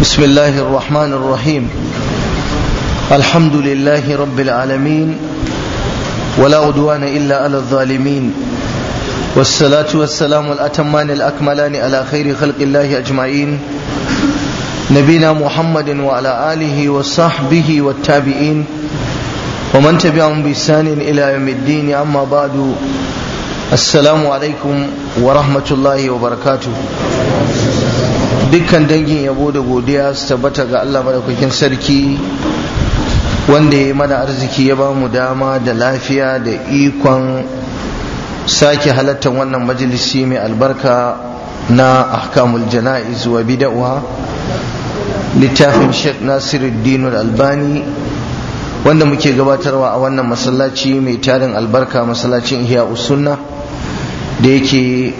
بسم الله الرحمن الرحيم الحمد لله رب العالمين ولا عدوان إلا على الظالمين والصلاة والسلام الأتمان الأكملان على خير خلق الله أجمعين نبينا محمد وعلى آله وصحبه والتابعين ومن تبعهم بإحسان إلى يوم الدين أما بعد assalamu alaikum wa rahmatullahi wa barakatu dukkan dangin yabo da godiya su tabbata ga Allah madaukakin sarki wanda ya mana arziki ya ba mu dama da lafiya da ikon sake halartar wannan majalisi mai albarka na ahkamul jana'iz wa bida'uha littafin sheikh nasiruddin albani wanda muke gabatarwa a wannan masallaci mai tarin albarka masallacin ihya sunna da yake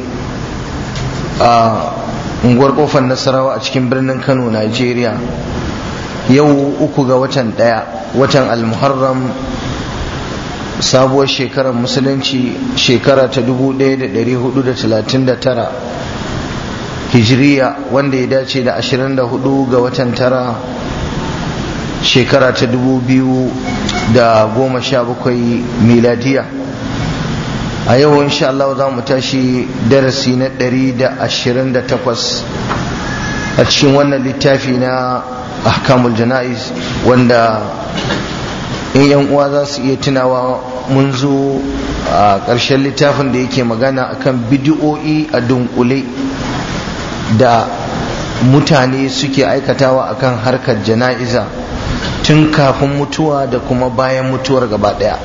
a unguwar kofar nasarawa a cikin birnin kano nigeria yau uku ga watan daya watan almuharram sabuwar shekarar musulunci shekara ta 1439 hijiriya wanda ya dace da 24 ga watan tara shekara ta 2017 miladiya a yau insha Allah za mu tashi darasi na 128 a cikin wannan littafi na ahkamul jana'iz wanda in yan uwa za su iya tunawa mun zo a ƙarshen littafin da yake magana akan bidiyo'i a dunkule da mutane suke aikatawa akan harkar jana'iza tun kafin mutuwa da kuma bayan mutuwar gaba ɗaya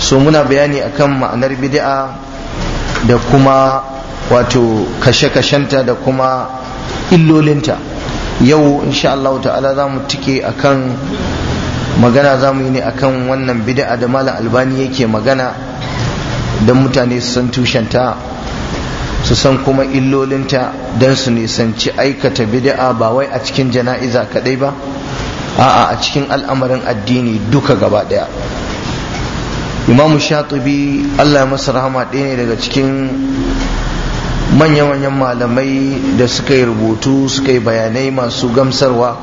so muna bayani akan ma'anar bid'a da kuma wato kashe-kashenta da kuma illolinta yau insha Allah ta'ala zamu mu tike akan magana za mu yi ne akan wannan bid'a da malam albani yake magana don mutane su san tushenta su san kuma illolinta don su nisanci aikata bid'a ba wai a cikin jana'iza kadai ba a'a a cikin al'amarin addini duka gaba daya imamu shatubi allah masa rahama ɗaya ne daga cikin manya-manyan malamai da suka yi rubutu suka yi bayanai masu gamsarwa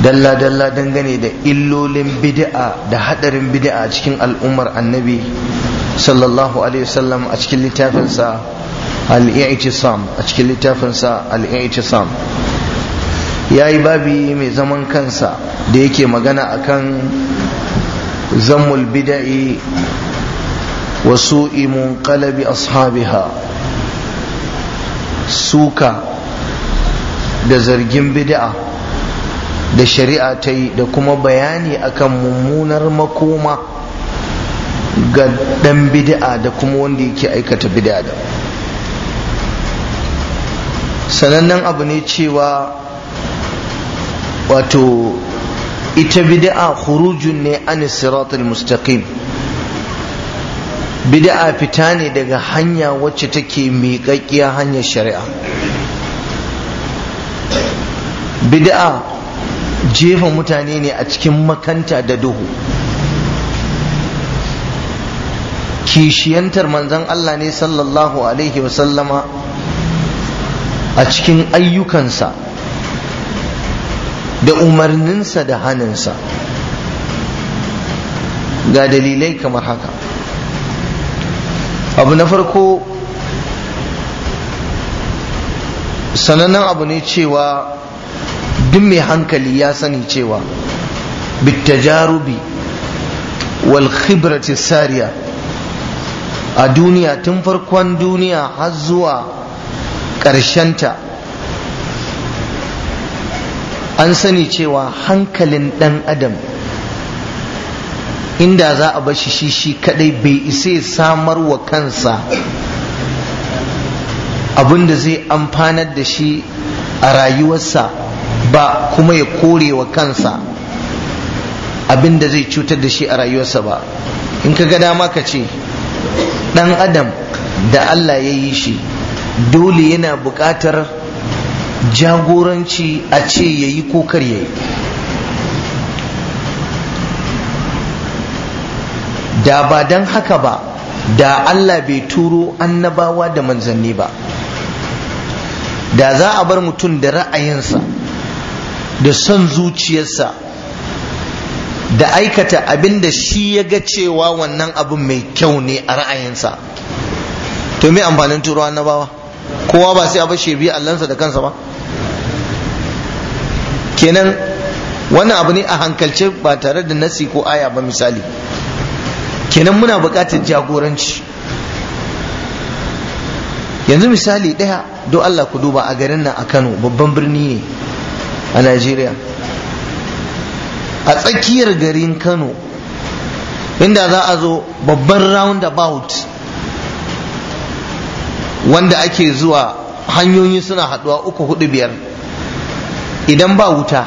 dalla-dalla dangane da illolin bid'a da hadarin bid'a a cikin al'ummar annabi sallallahu alaihi wasallam a cikin littafinsa al-i'tisam a cikin littafinsa al ya yi babi mai zaman kansa da yake magana akan ذم البدع وسوء منقلب أصحابها سوكا da zargin bid'a da shari'a ta yi da kuma bayani akan mummunar makoma ga ɗan bid'a da kuma wanda yake aikata bid'a da sanannen abu ne cewa wato ita bid'a khurujun ne an siratul mustaqim bid'a fita ne daga hanya wacce take miƙaƙƙiya hanyar shari'a bid'a jefa mutane ne a cikin makanta da duhu kishiyantar manzon Allah ne sallallahu alaihi wasallama a cikin ayyukansa da umarninsa da hannunsa ga dalilai kamar haka abu na farko sanannen abu ne cewa duk mai hankali ya sani cewa bittajarubi wal khibrati sariya a duniya tun farkon duniya har zuwa ƙarshenta an sani cewa hankalin ɗan adam inda za a bashi shi shi kadai bai isa samar wa kansa abinda zai amfanar da shi a rayuwarsa ba kuma ya kore wa kansa abinda zai cutar da shi a rayuwarsa ba in ka ga dama ka ce ɗan adam da Allah ya yi shi dole yana buƙatar jagoranci a ce ya yi ko kar ya yi da ba don haka ba da Allah bai turo annabawa da manzanni ba da za a bar mutum da ra'ayinsa da son zuciyarsa da aikata abin da shi ya ga cewa wannan abin mai kyau ne a ra'ayinsa to me amfanin turo annabawa kowa ba sai a bashi biya allansa da kansa ba kenan wannan abu ne a hankalce ba tare da nasi ko aya ba misali kenan muna buƙatar jagoranci yanzu misali ɗaya don Allah ku duba a garin nan a Kano babban birni ne a Najeriya a tsakiyar garin Kano inda za a zo babban roundabout wanda ake zuwa hanyoyi suna haɗuwa uku hudu biyar idan ba wuta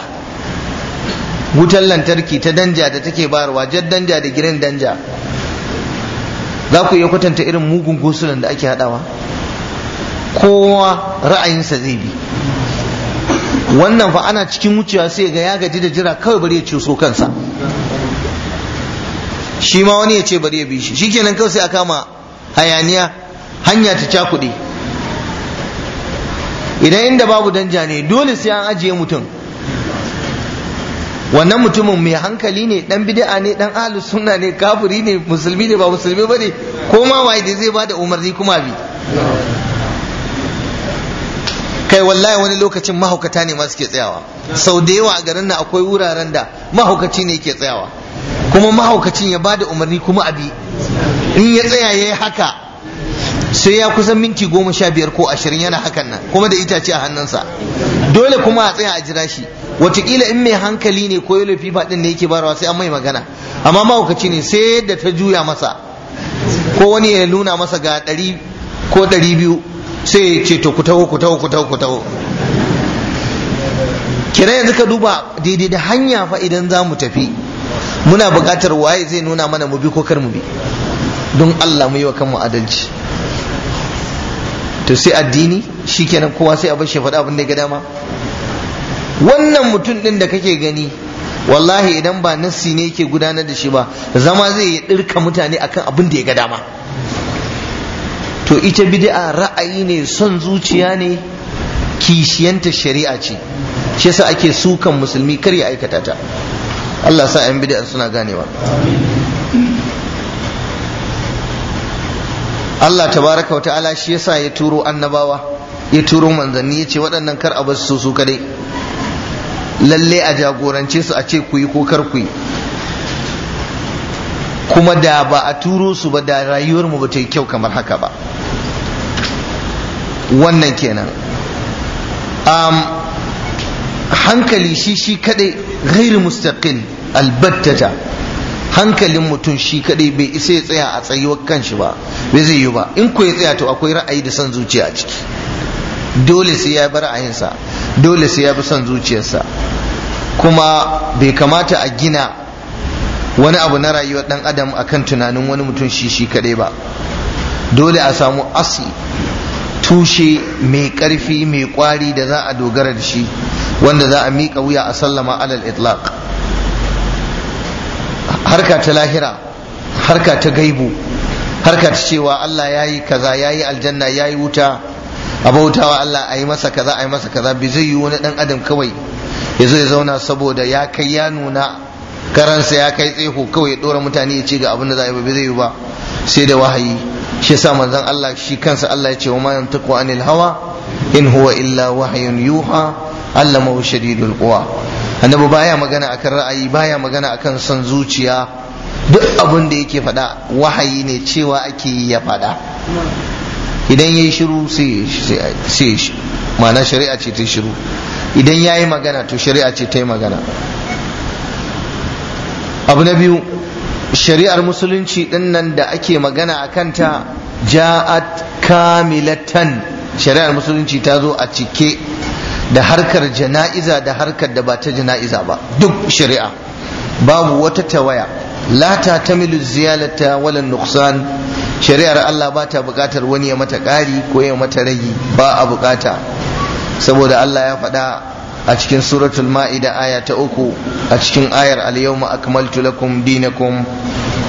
wutar lantarki ta danja da take barwa, jar danja da girin danja za ku iya kwatanta irin mugun gosulan da ake haɗawa kowa ra'ayinsa zai bi wannan fa ana cikin wucewa sai ga ya gaji da jira kawai bari ya so kansa shi ma wani ya ce bari ya bi shi shi kenan kawai sai a kama hayaniya hanya ta cakuɗe idan inda babu danja ne dole sai an ajiye mutum wannan mutumin mai hankali ne dan bid'a ne dan ahlus sunna ne kafiri ne musulmi ne ba musulmi bane ko ma waye da zai bada umarni kuma bi kai wallahi wani lokacin mahaukata ne masu ke tsayawa sau da yawa a garin nan akwai wuraren da mahaukaci ne ke tsayawa kuma mahaukacin ya bada umarni kuma abi in ya tsaya yayi haka sai ya kusan minti goma sha biyar ko ashirin yana hakan nan kuma da itace a hannunsa dole kuma a tsaya a jira shi watakila in mai hankali ne ko yalo fifa din ne yake barawa sai an mai magana amma mahaukaci ne sai yadda ta juya masa ko wani ya nuna masa ga ɗari ko ɗari biyu sai ya ce to ku taho ku taho ku taho ku taho kira yanzu ka duba daidai da hanya fa idan za mu tafi muna bukatar waye zai nuna mana mu bi ko kar mu bi don Allah mu yi wa kanmu adalci to sai addini shikenan kowa sai a bar shi faɗa abin da ya ga dama wannan mutum ɗin da kake gani wallahi idan ba nassi ne yake gudanar da shi ba zama zai yi ɗirka mutane akan abin da ya ga dama to ita bid'a ra'ayi ne son zuciya ne kishiyanta shari'a ce shi yasa ake sukan musulmi kar ya aikata ta Allah sa 'yan bid'a suna ganewa Allah tabaraka wa ta'ala shi yasa ya turo annabawa ya turo manzanni ya ce waɗannan kar a basu su kadai lalle a jagorance su a ce ku yi ko kar ku yi kuma da ba a turo su ba da rayuwar mu ba ta yi kyau kamar haka ba wannan kenan um, hankali shi shi kadai ghairu mustaqil albattata hankalin mutum shi kadai bai isa ya tsaya a tsayuwar kanshi ba bai zai yi ba in ko ya tsaya to akwai ra'ayi da son zuciya a ciki dole sai ya bi ra'ayinsa dole sai ya bi son zuciyarsa kuma bai kamata a gina wani abu na rayuwar dan adam akan tunanin wani mutum shi shi kadai ba dole a samu asli tushe mai karfi mai kwari da za a dogara da shi wanda za a miƙa wuya a sallama alal itlaq harka ta lahira harka ta gaibu harka ta cewa Allah ya yi kaza ya yi aljanna ya yi wuta a bautawa Allah a yi masa kaza a yi masa kaza bai zai yi wani dan adam kawai ya zo ya zauna saboda ya kai ya nuna karansa ya kai tseho kawai ya dora mutane ya ce ga abin da za a yi ba zai yi ba sai da wahayi shi yasa manzon Allah shi kansa Allah ya ce wa ma yantaku anil hawa in huwa illa wahyun yuha mahu shadidul quwa annabi baya magana akan ra'ayi baya magana akan son zuciya duk abin da yake faɗa wahayi ne cewa ake yi ya faɗa idan yayi shiru sai ma'ana shari'a ce ta shiru idan yayi magana to shari'a ce ta yi magana abu na biyu shari'ar musulunci din nan da ake magana a kanta ja'at kamilatan shari'ar musulunci ta zo a cike da harkar jana'iza da harkar da ba ta jana'iza ba duk shari'a babu wata tawaya la ta tamilu ziyalata wala nuqsan shari'ar Allah ba ta bukatar wani ya mata ƙari ko ya mata ragi ba a bukata saboda Allah ya faɗa a cikin suratul ma'ida aya ta uku a cikin ayar al-yawma akmaltu lakum dinakum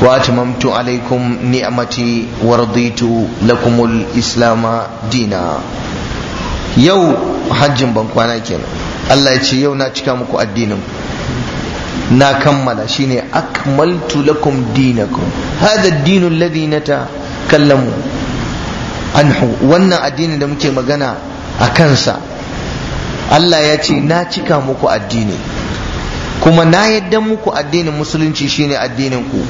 wa atmamtu alaykum ni'mati wa raditu lakumul islama dina yau hajjin ban kwana kenan Allah ya ce yau na cika muku addinin na kammala shine akmaltu lakum dinakum hada dinul ladhi natakallamu anhu wannan addini da muke magana a kansa Allah ya ce na cika muku addini kuma na yadda muku addinin musulunci shine addinin ku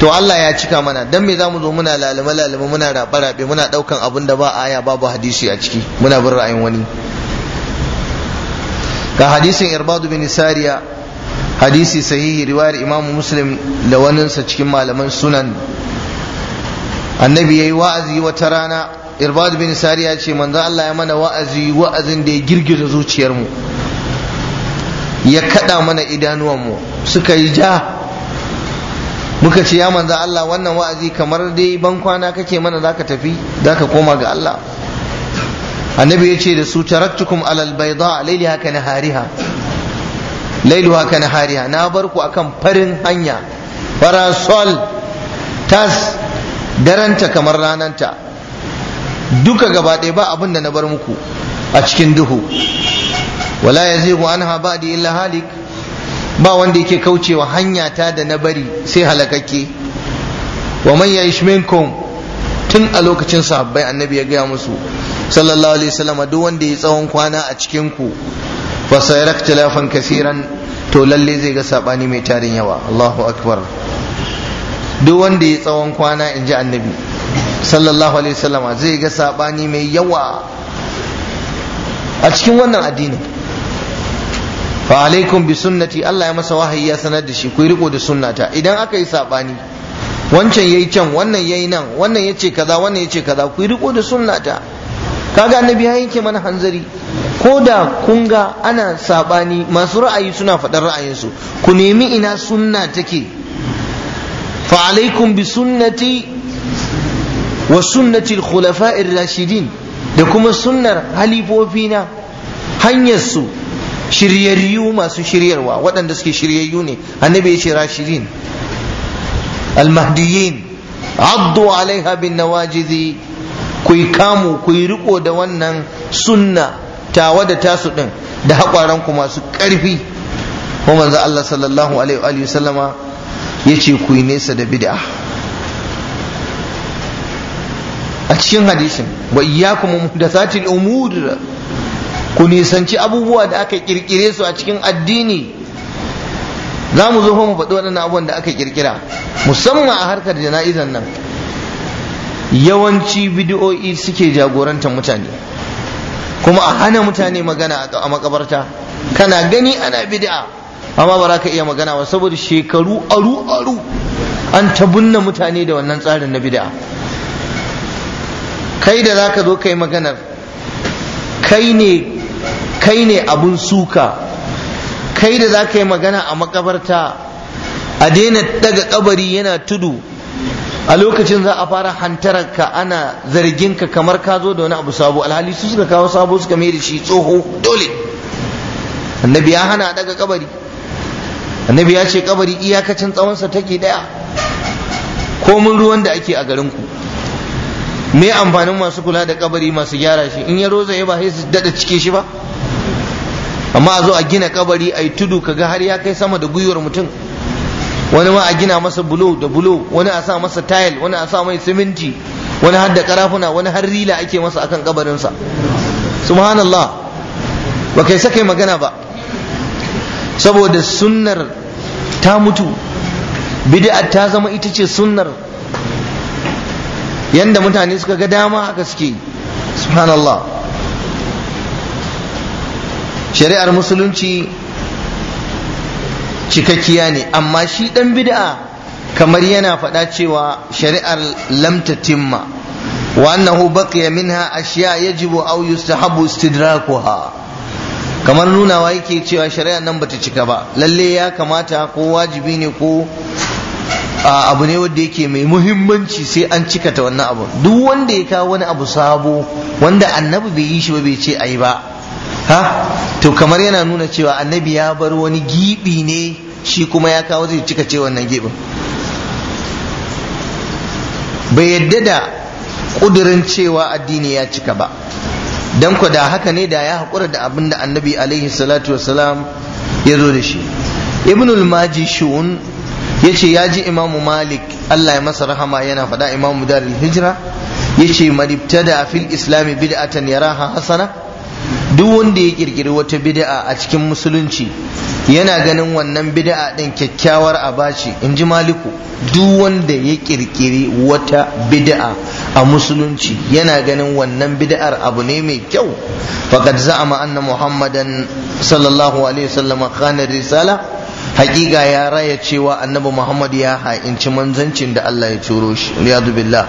to Allah ya cika mana dan me zamu zo muna lalima lalima muna rabe rabe muna daukan abin da ba aya babu hadisi a ciki muna bin ra'ayin wani ga hadisin irbadu bin sariya hadisi sahihi riwayar imam muslim da waninsa cikin malaman sunan annabi yayi wa'azi wata rana irbadu bin sariya ce manzo Allah ya mana wa'azi wa'azin da ya girgiza zuciyarmu ya kada mana idanuwanmu suka yi ja muka ce ya manzo Allah wannan wa'azi kamar dai ban kwana kake mana zaka tafi zaka koma ga Allah annabi ya ce da su taraktukum alal bayda lailaha ka nahariha lailuha ka nahariha na bar ku akan farin hanya farasol tas daranta kamar rananta duka gaba ɗaya ba abin da na bar muku a cikin duhu wala yazigu anha ba'di illa halik ba wanda yake kaucewa hanya ta da na bari sai halakakke wa man ya'ish minkum tun a lokacin sahabbai annabi ya gaya musu sallallahu alaihi wasallam duk wanda ya tsawon kwana a cikin ku fa sayaraktilafan kasiran to lalle zai ga sabani mai tarin yawa Allahu akbar duk wanda ya tsawon kwana in ji annabi sallallahu alaihi wasallam zai ga sabani mai yawa a cikin wannan addinin fa alaikum bi sunnati Allah ya masa wahayi ya sanar da shi ku riko da sunnata idan aka yi sabani wancan yayi can wannan yayi nan wannan yace kaza wannan yace kaza ku riko da sunnata kaga annabi ya yanke mana hanzari ko da kun ga ana sabani masu ra'ayi suna faɗar ra'ayinsu ku nemi ina sunna take fa alaikum bi sunnati wa sunnati al-khulafa'ir rashidin da kuma sunnar halifofina hanyar su shiryayyu masu shiryarwa waɗanda suke shiryayyu ne annabi ya ce rashirin almahdiyin addu alaiha bin nawajizi ku yi kamu ku yi riko da wannan sunna tawa da tasu ɗin, da haƙwaranku masu ƙarfi ko manzo Allah sallallahu alaihi wa sallama yace ku yi nesa da bid'a a cikin hadisin wa iyyakum muhdathatil umur ku nisanci abubuwa da aka kirkire su a cikin addini za mu zo mu faɗi waɗannan abubuwan da aka kirkira musamman a harkar jana'izan nan yawanci bidiyo'i suke jagorantar mutane kuma a hana mutane magana a makabarta kana gani ana bid'a amma ba za ka iya magana ba saboda shekaru aru aru an tabunna mutane da wannan tsarin na bid'a kai da za ka zo kai maganar kai ne kai ne abun suka kai da za ka yi magana a makabarta a daina daga kabari yana tudu a lokacin za a fara hantararka ana zarginka kamar ka zo da wani abu sabo alhali su suka kawo sabo suka mai da shi tsoho dole annabi ya hana daga kabari annabi ya ce kabari iyakacin tsawonsa take daya komin ruwan da ake a garinku me amfanin masu kula da kabari masu gyara shi in ya roza ya ba sai su dada cike shi ba amma a zo a gina kabari a tudu kaga har ya kai sama da gwiwar mutum wani ma a gina masa bulo da bulo wani a sa masa tayil wani a sa mai siminti wani har da karafuna wani har rila ake masa akan kabarinsa subhanallah ba kai sakai magana ba saboda sunnar ta mutu bid'a ta zama ita ce sunnar yanda mutane suka ga dama haka suke subhanallah shari'ar musulunci cikakkiya ne amma shi ɗan bid'a kamar yana faɗa cewa shari'ar lamta timma wa annahu baqiya minha ashiya yajibu aw yustahabu istidrakuha kamar nunawa yake cewa shari'ar nan bata cika ba lalle ya kamata ko wajibi ne ko abu ne wanda yake mai muhimmanci sai an cika ta wannan abu duk wanda ya kawo wani abu sabo wanda annabi bai yi shi ba bai ce ayi ba ha to kamar yana nuna cewa annabi ya bar wani gibi ne shi kuma ya kawo zai cika ce wannan gibin bai yadda da ƙudurin cewa addini ya cika ba don ku da haka ne da ya haƙura da abin da annabi alaihi salatu wasalam ya zo da shi ibnul maji shi'un ya ce ya ji imamu malik allah ya masa rahama yana faɗa imamu darul hijira ya ce da fil islami bid'atan yaraha hasana duk wanda ya kirkiri wata bid'a a cikin musulunci yana ganin wannan bid'a din kyakkyawar abaci in ji maliku duk wanda ya kirkiri wata bid'a a musulunci yana ganin wannan bid'ar abu ne mai kyau faqad za'ama anna muhammadan sallallahu alaihi wasallam khana risala hakika ya raya cewa annabi Muhammad ya ha'inci manzancin da Allah ya turo shi riyadu billah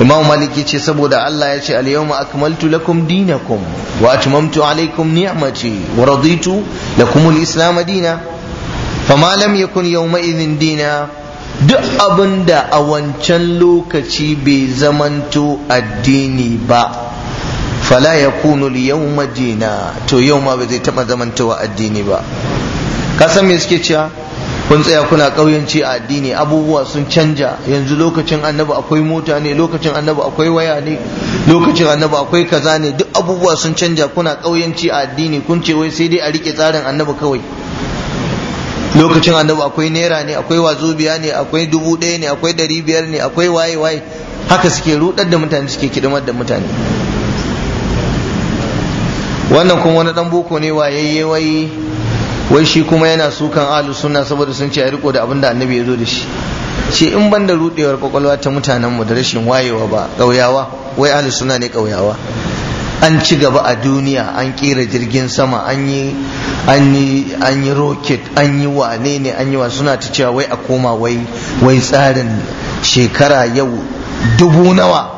Imam Malik yace saboda Allah yace al-yawma akmaltu lakum dinakum wa atmamtu alaykum ni'mati wa raditu lakum al-islam dina fama lam yakun yawma idhin dina duk abinda a wancan lokaci bai zamanto addini ba fala yakunu al-yawma dina to yau ma bai zai taba zamantowa addini ba kasan me suke cewa kun tsaya kuna ƙauyanci a addini abubuwa sun canja yanzu lokacin annabi akwai mota ne lokacin annabi akwai waya ne lokacin annabi akwai kaza ne duk abubuwa sun canja kuna ƙauyanci a addini kun ce wai sai dai a rike tsarin annabi kawai lokacin annabi akwai naira ne akwai biya ne akwai dubu ɗaya ne akwai ɗari biyar ne akwai waye waye haka suke rudar da mutane suke kidimar da mutane wannan kuma wani dan boko ne wayayye wai wai shi kuma yana sukan ahlu sunna saboda sun ce a riko da abin da annabi ya zo da shi ce in ban da rudewar kwakwalwa ta mutanen mu da rashin wayewa ba ƙauyawa wai ahlu sunna ne ƙauyawa an ci gaba a duniya an kera jirgin sama an yi an yi an yi rocket an yi wane ne an yi wa suna ta cewa wai a koma wai wai tsarin shekara yau dubu nawa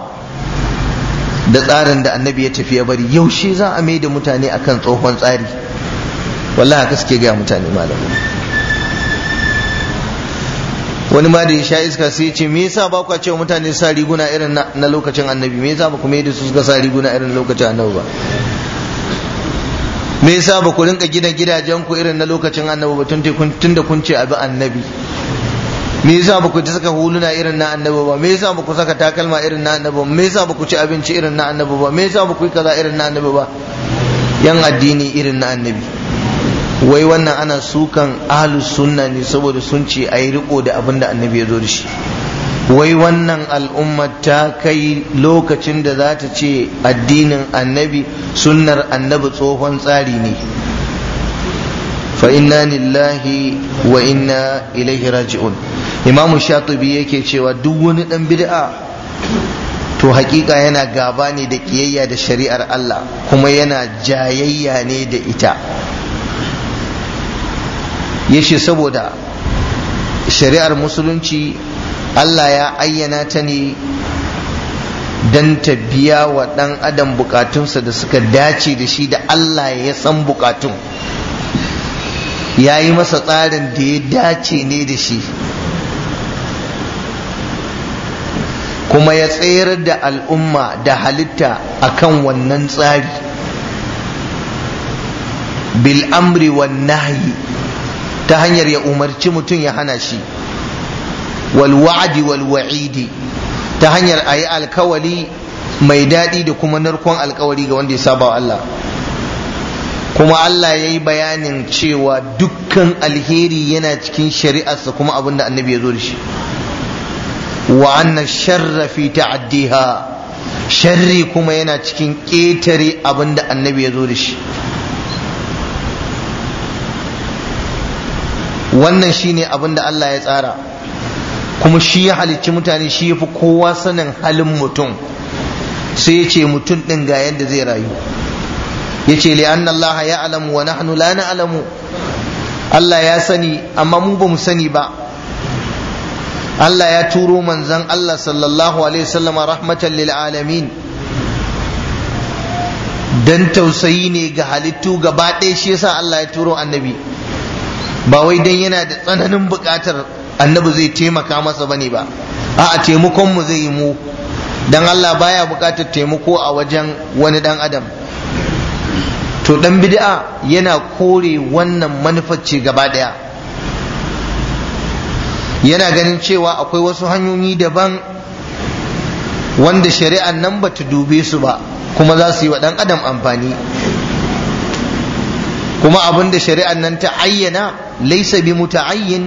da tsarin da annabi ya tafi ya bari yaushe za a mai da mutane akan tsohon tsari Wallaha haka suke gaya mutane malamu wani ma da ya sha iska sai ya ce me yasa ba kwa cewa mutane sa riguna irin na lokacin annabi me yasa ba kuma yadda su suka sa riguna irin lokacin annabi ba me yasa ba ku rinka gina gidajen ku irin na lokacin annabi ba tun da kun ce abi annabi me yasa ba ku ci saka huluna irin na annabi ba me yasa ba ku saka takalma irin na annabi ba me yasa ba ku ci abinci irin na annabi ba me yasa ba ku yi kaza irin na annabi ba yan addini irin na annabi wai wannan ana sukan ahlus sunna ne saboda sun ce a yi riko da abinda annabi ya zo da shi wai wannan al'umma ta kai lokacin da za ta ce addinin annabi sunnar annabi tsohon tsari ne fa inna lillahi wa inna ilaihi raji'un imamu shatibi yake cewa duk wani dan bid'a to haƙiƙa yana gaba ne da kiyayya da shari'ar Allah kuma yana jayayya ne da ita ya ce saboda shari'ar musulunci Allah ya ayyana ta ne don ta biya wa ɗan adam bukatunsa da suka dace da shi da Allah ya san bukatun ya yi masa tsarin da ya dace ne da shi kuma ya tsayar da al'umma da halitta a kan wannan tsari bil amri nahyi ta hanyar ya umarci mutum ya hana shi wal walwa'idi ta hanyar ayi alkawali mai daɗi da kuma narkon alkawari ga wanda ya saba wa Allah kuma Allah ya yi bayanin cewa dukkan alheri yana cikin shari'arsa kuma abin da annabi ya zo da shi wa anna sharra fi ta'addiha sharri kuma yana cikin ƙetare abin da annabi ya zo da shi wannan shine abin da Allah ya tsara kuma shi ya halicci mutane shi ya fi kowa sanin halin mutum sai ya ce mutum ɗin ga yadda zai rayu ya ce li'anna Allah ya alamu wa nahnu la alamu. Allah ya sani amma mu ba mu sani ba Allah ya turo manzon Allah sallallahu alaihi wasallama rahmatan lil alamin dan tausayi ne ga halittu gaba ɗaya shi yasa Allah ya turo annabi ba wai dan yana da tsananin buƙatar annabi zai taimaka masa bane ba a'a taimakon mu zai yi mu dan Allah baya buƙatar taimako a wajen wani dan adam to dan bid'a yana kore wannan manufar gaba daya yana ganin cewa akwai wasu hanyoyi daban wanda shari'an nan ba ta dube su ba kuma za su yi wa dan adam amfani kuma abinda shari'an nan ta ayyana laysa bi muta'ayyin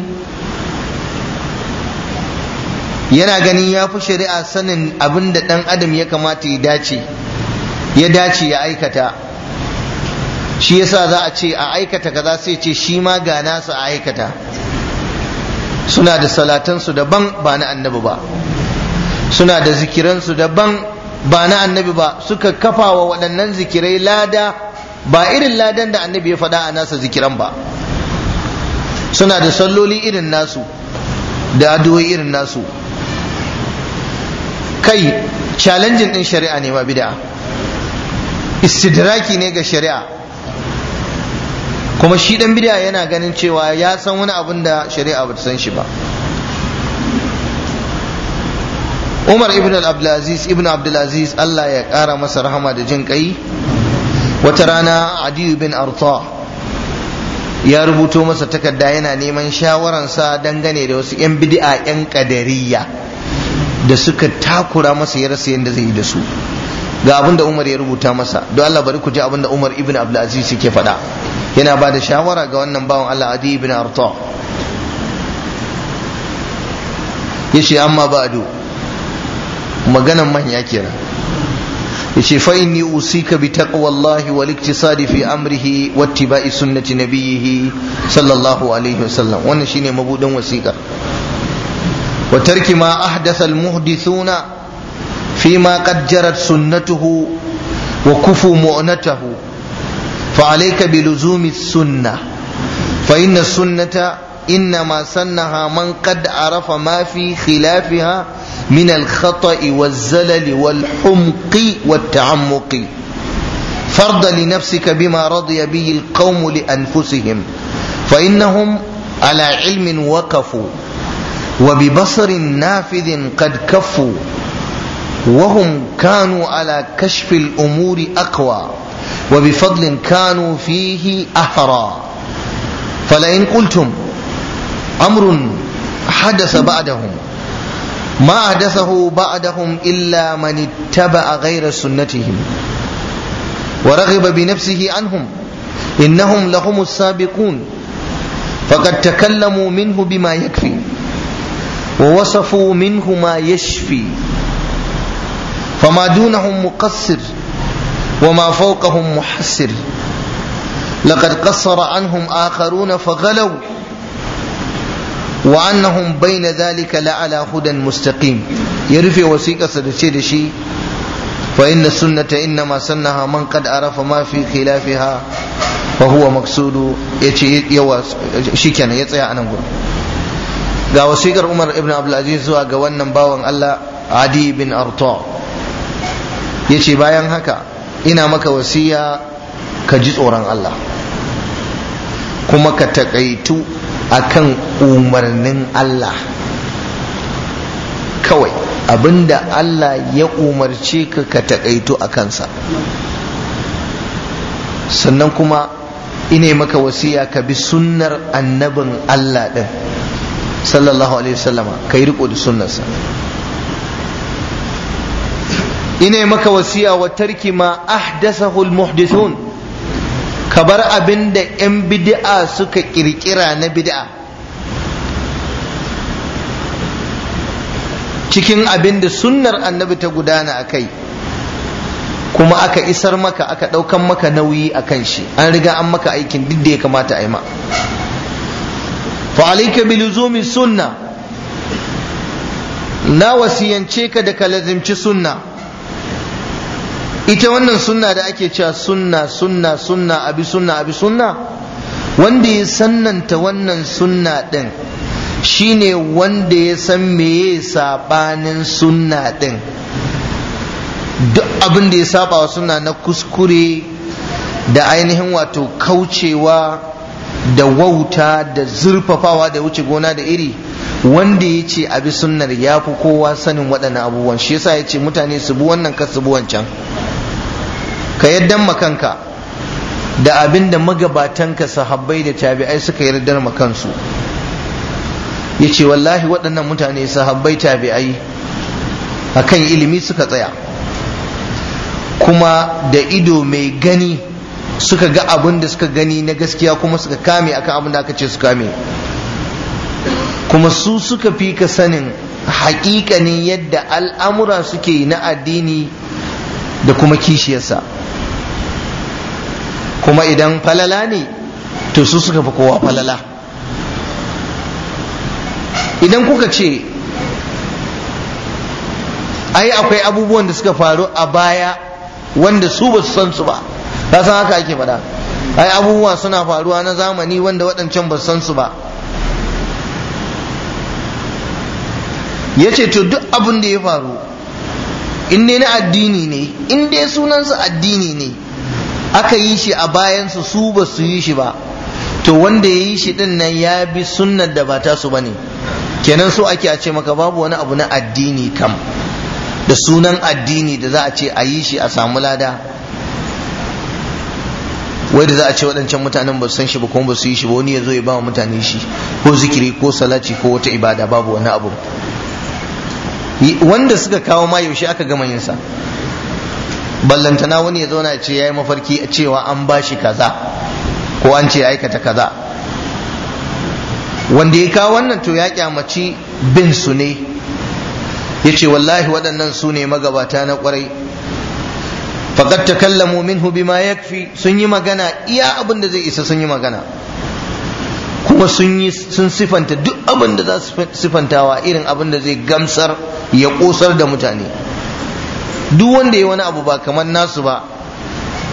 yana ganin ya fi shari'a sanin abin da ɗan adam ya kamata ya dace ya dace ya aikata shi yasa za a ce a aikata kaza sai ce shi ma ga nasu a aikata suna da salatansu daban ba na annabi ba suna da zikiransu daban ba na annabi ba suka kafa wa waɗannan zikirai lada ba irin ladan da annabi ya faɗa a nasa zikiran ba suna da salloli irin nasu da addu'o'i irin nasu kai challenge din shari'a ne ma bid'a istidraki ne ga shari'a kuma shi dan bid'a yana ganin cewa ya san wani abin da shari'a ba ta san shi ba Umar ibn Abdulaziz ibn Abdulaziz Allah ya ƙara masa rahama da jin kai wata rana Adi bin Arta ya rubuto masa takarda yana neman sa dangane da wasu 'yan bid'a 'yan kadariya da suka takura masa ya rasa yadda zai yi da su ga abin da Umar ya rubuta masa don Allah bari ku ji abin da Umar ibn Abdulaziz yake faɗa yana ba da shawara ga wannan bawan Allah Adi ibn Arta yace amma ba'du maganan manya kenan yace fa inni usika bi taqwallahi wal iktisadi fi amrihi wattiba'i sunnati nabiyih sallallahu alaihi wasallam wannan shine mabudan wasiƙa wa tarki ma ahdatha al muhdithuna fi ma qad jarat sunnatuhu wa kufu mu'natahu fa alayka bi luzumi sunnah fa inna sunnata إنما سنها من قد عرف ما في خلافها من الخطأ والزلل والحمق والتعمق فرض لنفسك بما رضي به القوم لأنفسهم فإنهم على علم وقفوا وببصر نافذ قد كفوا وهم كانوا على كشف الأمور أقوى وبفضل كانوا فيه أحرى فلئن قلتم أمر حدث بعدهم ma ahdathahu ba'dahum illa man a gaira sunnatihim wa raghiba bi nafsihi anhum innahum lahumus sabiqun faqad takallamu minhu bima yakfi wa wasafu minhu ma yashfi فما دونهم مقصر وما فوقهم محسر لقد قصر عنهم آخرون فغلوا wa annahum bayna dhalika la'ala hudan mustaqim ya rufe wasiƙarsa da ce da shi fa inna sunnata inna ma sannaha man qad arafa ma fi khilafiha fa huwa maqsudu yace yawa shikenan ya tsaya anan gurin ga wasiƙar Umar ibn Abdul zuwa ga wannan bawan Allah Adi bin Arta yace bayan haka ina maka wasiya ka ji tsoron Allah kuma ka taƙaitu akan umarnin Allah kawai abinda Allah ya umarce ka ka taƙaito a kansa sannan kuma ina maka wasiya ka bi sunnar annabin Allah ɗin sallallahu alaihi wasallama ka yi riko da sunnarsa Ina maka wasiya wa tarki ma ahdasahul al ka bar abin da 'yan bid'a suka kirkira na bid'a cikin abin da sunnar annabi ta gudana a kai kuma aka isar maka aka ɗaukan maka nauyi a kan shi an riga an maka aikin duk da ya kamata a yi ma bi biluzumi sunna na wasiyance ka da ka lazimci sunna ita wannan sunna da ake cewa sunna sunna sunna abi sunna abi sunna wanda ya sannanta wannan sunna din shine wanda ya san meye sabanin sunna din duk abin da ya saba wa sunna na kuskure da ainihin wato kaucewa da wauta da zurfafawa da wuce gona da iri wanda ya ce abi sunnar ya fi kowa sanin waɗannan abubuwan shi yasa ya ce mutane su bi wannan kasu su bi wancan ka yaddan makanka da abin da magabatanka sahabbai da tabi'ai suka yardar makansu ya ce wallahi waɗannan mutane sahabbai tabi'ai a kan ilimi suka tsaya kuma da ido mai gani suka ga abin da suka gani na gaskiya kuma suka kame akan abin da aka ce su kame kuma su suka fi ka sanin haƙiƙanin yadda al'amura suke na addini da kuma kishiyarsa kuma idan falala ne to su suka fi kowa falala idan kuka ce ai akwai abubuwan da suka faru a baya wanda su ba su san su ba ka san haka ake faɗa ai abubuwa suna faruwa na zamani wanda waɗancan ba su san su ba ya ce to duk abin da ya faru in ne na addini ne in dai sunansa addini ne aka yi shi a bayansu su ba su yi shi ba to wanda ya yi shi din nan ya bi sunnar da ba ta su bane kenan so ake a ce maka babu wani abu na addini kam da sunan addini da za a ce a yi shi a samu lada wai da za a ce waɗancan mutanen ba su san shi ba kuma ba su yi shi ba wani ya zo ya ba wa mutane shi ko zikiri ko salati ko wata ibada babu wani abu wanda suka kawo ma yaushe aka gama yin sa ballantana wani ya zauna ce ya yi mafarki a cewa an shi kaza ko an ce aikata kaza wanda ya kawo wannan to ya kyamaci bin su ne ya ce wallahi waɗannan su ne magabata na ƙwarai faƙad takallamu minhu bima yakfi sun yi magana iya abin da zai isa sun yi magana kuma sun yi sun sifanta duk abin da za su sifantawa irin abin da zai gamsar ya ƙosar da mutane duk wanda ya wani abu ba kamar nasu ba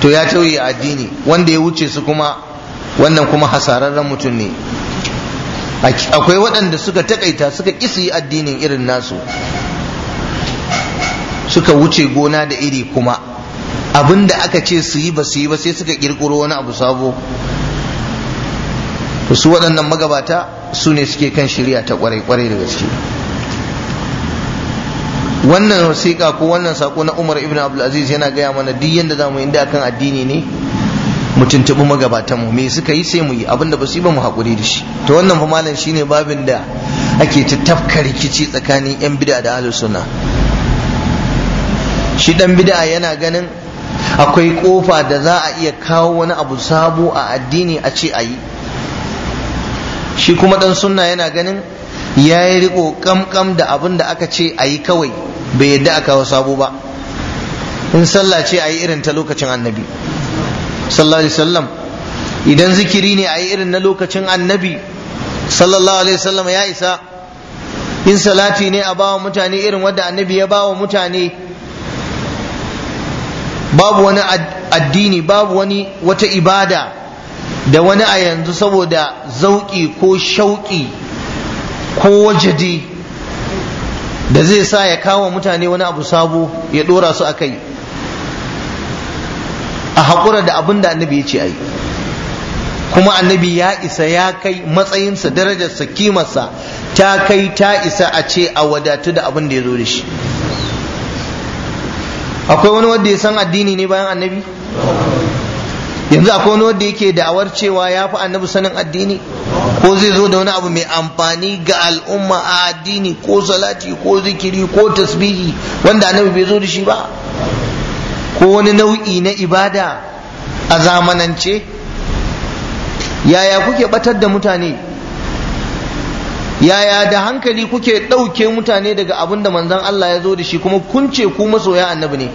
to ya a addini wanda ya wuce su kuma wannan kuma hasararren mutum ne akwai waɗanda suka takaita suka kisi addinin irin nasu suka wuce gona da iri kuma abinda aka ce su yi ba su yi ba sai suka kirkiro wani abu sabo su waɗannan magabata su ne suke kan shirya ta kwarai-kwarai da gaske wannan wasiƙa ko wannan sako na Umar ibn Abdulaziz yana gaya mana duk yanda za mu inda akan addini ne mu tuntuɓi magabatan mu me suka yi sai mu yi abinda ba su yi ba mu haƙuri da shi to wannan fa malam shine babin da ake ta tafka rikici tsakanin yan bid'a da ahlus sunna shi dan bid'a yana ganin akwai kofa da za a iya kawo wani abu sabo a addini a ce a yi shi kuma dan sunna yana ganin ya yi riko kamkam da abin da aka ce a yi kawai bai yadda aka wa sabo ba in sallah ce a yi irin ta lokacin annabi sallallahu alaihi wasallam idan zikiri ne a yi irin na lokacin annabi sallallahu alaihi wasallam ya isa in salati ne a bawa mutane irin wadda annabi ya bawa mutane babu wani addini babu wani wata ibada da wani a yanzu saboda zauki ko shauki ko wajadi da zai sa ya kawo mutane wani abu sabo ya dora su a kai a haƙura da abin da annabi ya ce ai kuma annabi ya isa ya kai matsayinsa darajarsa kimarsa ta kai ta isa a ce a wadatu da abin da ya zo da shi akwai wani wanda ya san addini ne bayan annabi yanzu akwai wani wanda yake da'awar cewa ya fi annabi sanin addini ko zai zo da wani abu mai amfani ga al'umma a addini ko salati ko zikiri ko tasbihi wanda annabi bai zo da shi ba ko wani nau'i na ibada a zamanance yaya kuke batar da mutane yaya da hankali kuke ɗauke mutane daga abinda da manzon Allah ya zo da shi kuma kun ce ku masoya annabi ne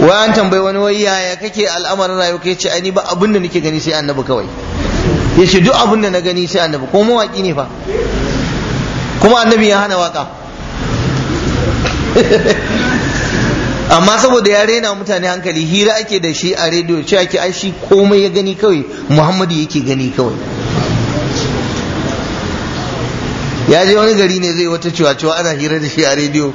wai an tambayi wani wai yaya kake al'amarin rayuwa kai ce ai ni ba abin da nake gani sai annabi kawai ya duk abin da na gani sai annabi ko mawaki ne fa kuma annabi ya hana waka amma saboda ya rena mutane hankali hira ake da shi a rediyo ce ake ai shi komai ya gani kawai muhammadu yake gani kawai ya je wani gari ne zai wata cewa cewa ana hira da shi a rediyo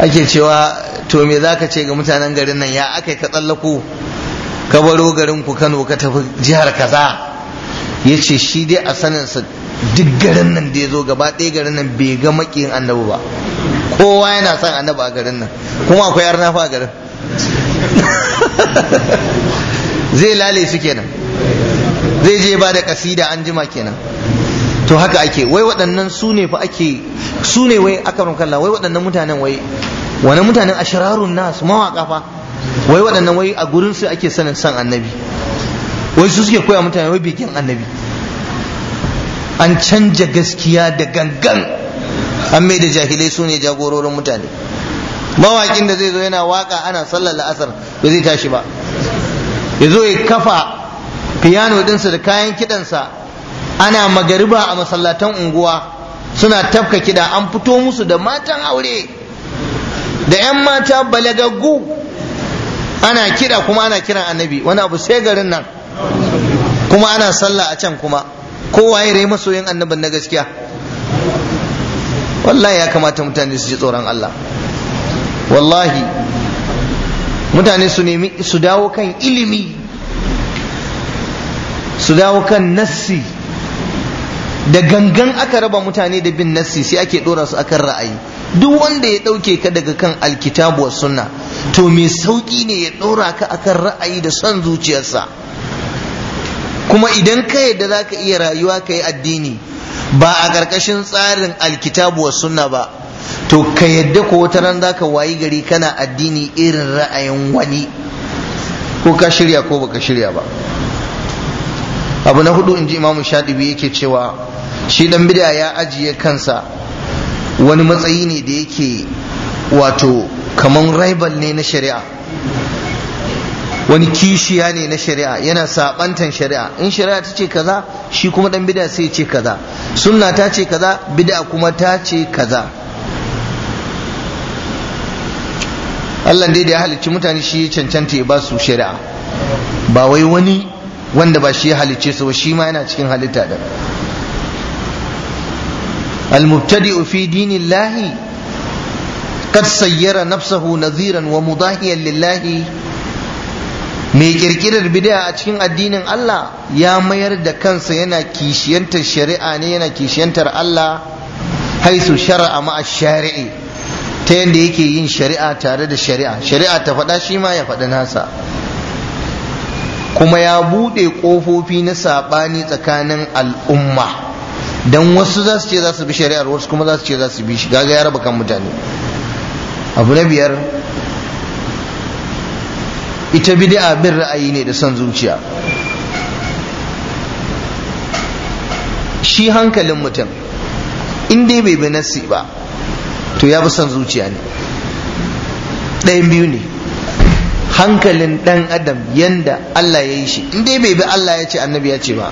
ake cewa to me za ka ce ga mutanen garin nan ya aka ka tsallako ka baro garin ku kano ka tafi jihar kaza ya ce shi dai a saninsa duk garin nan da ya zo gaba ɗaya garin nan bai ga makiyin annabi ba kowa yana son annabi a garin nan kuma akwai arnafa a garin zai lale su kenan zai je ba da kasida an jima kenan to haka ake wai waɗannan su ne fa ake su ne wai aka kalla wai waɗannan mutanen wai wani mutanen ashirarun nasu mawaka fa wai waɗannan wai a gurin su ake sanin san annabi wai su suke koya mutane wai bikin annabi an canja gaskiya da gangan an mai da jahilai su ne jagororin mutane mawaƙin da zai zo yana waka ana sallar la'asar ba zai tashi ba ya zo ya kafa fiyano ɗinsa da kayan sa. ana magariba a masallatan unguwa suna tafka kiɗa an fito musu da matan aure da 'yan mata balagaggu ana kira kuma ana kiran annabi wani abu sai garin nan kuma ana sallah a can kuma kowa ya rai masoyin annabin na gaskiya wallahi ya kamata mutane su ji tsoron Allah wallahi mutane su nemi su dawo kan ilimi su dawo kan nassi da gangan aka raba mutane da bin nassi sai ake dora su akan ra'ayi duk wanda ya ɗauke ka daga kan alkitabu wa sunna to mai sauƙi ne ya ɗora ka akan ra'ayi da son zuciyarsa kuma idan ka yadda za iya rayuwa ka addini ba a ƙarƙashin tsarin alkitabu wa sunna ba to ka yadda ko wata ran za ka wayi gari kana addini irin ra'ayin wani ko ka shirya ko baka shirya ba abu na hudu in ji imamu shaɗibi yake cewa shi ɗan bida ya ajiye kansa wani matsayi ne da yake wato kaman raibal ne na shari'a wani kishiya ne na shari'a yana sabantan shari'a in shari'a ta ce kaza shi kuma dan bida sai ce kaza sunna ta ce kaza bida kuma ta ce kaza Allah dai da ya halicci mutane shi ya cancanta ya ba su shari'a ba wai wani wanda ba shi ya halicce su ba shi ma yana cikin halitta da المبتدئ في دين الله قد سير نفسه نذيرا ومضاهيا لله mai kirkirar bidaya a cikin addinin Allah ya mayar da kansa yana kishiyantar shari'a ne yana kishiyantar Allah haisu shar'a ma shari'i ta yadda yake yin shari'a tare da shari'a shari'a ta faɗa shi ma ya faɗi nasa kuma ya buɗe ƙofofi na saɓani tsakanin al'umma dan wasu za su ce za su bi shari'ar wasu kuma za su ce za su bi shi gaga ya raba kan mutane abu na biyar ita bid'a bin ra'ayi ne da son zuciya shi hankalin mutum in dai bai bi nassi ba to ya bi son zuciya ne ɗayan biyu ne hankalin ɗan adam yanda Allah ya yi shi in dai bai bi Allah ya ce annabi ya ce ba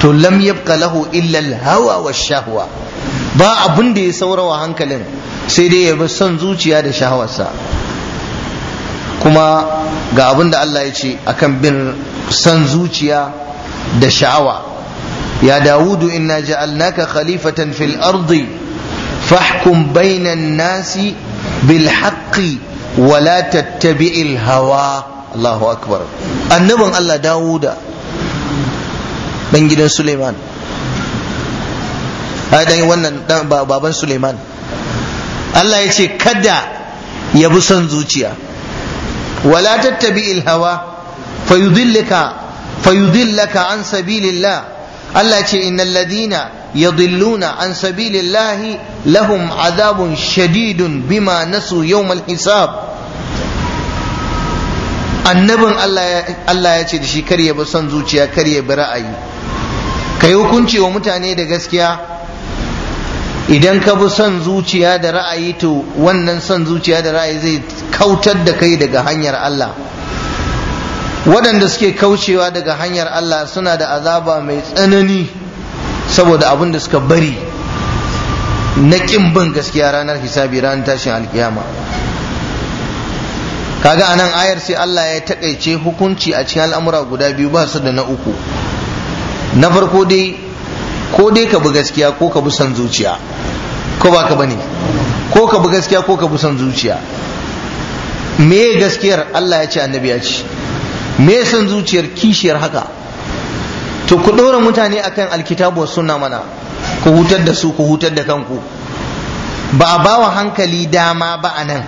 to lam yabqa lahu illa al-hawa wa shahwa ba abun da ya saurawa hankalin sai dai ya bi son zuciya da shahawarsa kuma ga abun da Allah ya ce akan bin son zuciya da sha'awa ya dawudu inna ja'alnaka khalifatan fil ardi fahkum bainan nasi bil haqqi wa la tattabi'il hawa Allahu akbar annabin Allah dawuda dan gidan Suleiman ai dan wannan dan baban Suleiman Allah ya ce kada ya bi son zuciya wala tattabi'il hawa fayudillaka fayudillaka an sabilillah Allah ce innal ladina yadilluna an sabilillahi lahum azabun shadidun bima nasu yawmal hisab annabin Allah ya ce da shi kar ya bi son zuciya kar ya bi ra'ayi ka yi hukunci wa mutane da gaskiya idan ka bi son zuciya da ra'ayi to wannan son zuciya da ra'ayi zai kautar da kai daga hanyar Allah waɗanda suke kaucewa daga hanyar Allah suna da azaba mai tsanani saboda abin da suka bari na ƙin bin gaskiya ranar hisabi ranar tashin alkiyama kaga anan ayar sai Allah ya taƙaice hukunci a cikin al'amura guda biyu ba su da na uku na farko dai ko dai ka bi gaskiya ko ka bi son zuciya ko ba ka bane ko ka bi gaskiya ko ka bi son zuciya me gaskiyar Allah ya ce annabi ya ce me son zuciyar kishiyar haka to ku ɗora mutane akan alkitabu suna mana ku hutar da su ku hutar da kanku ba a bawa hankali dama ba a nan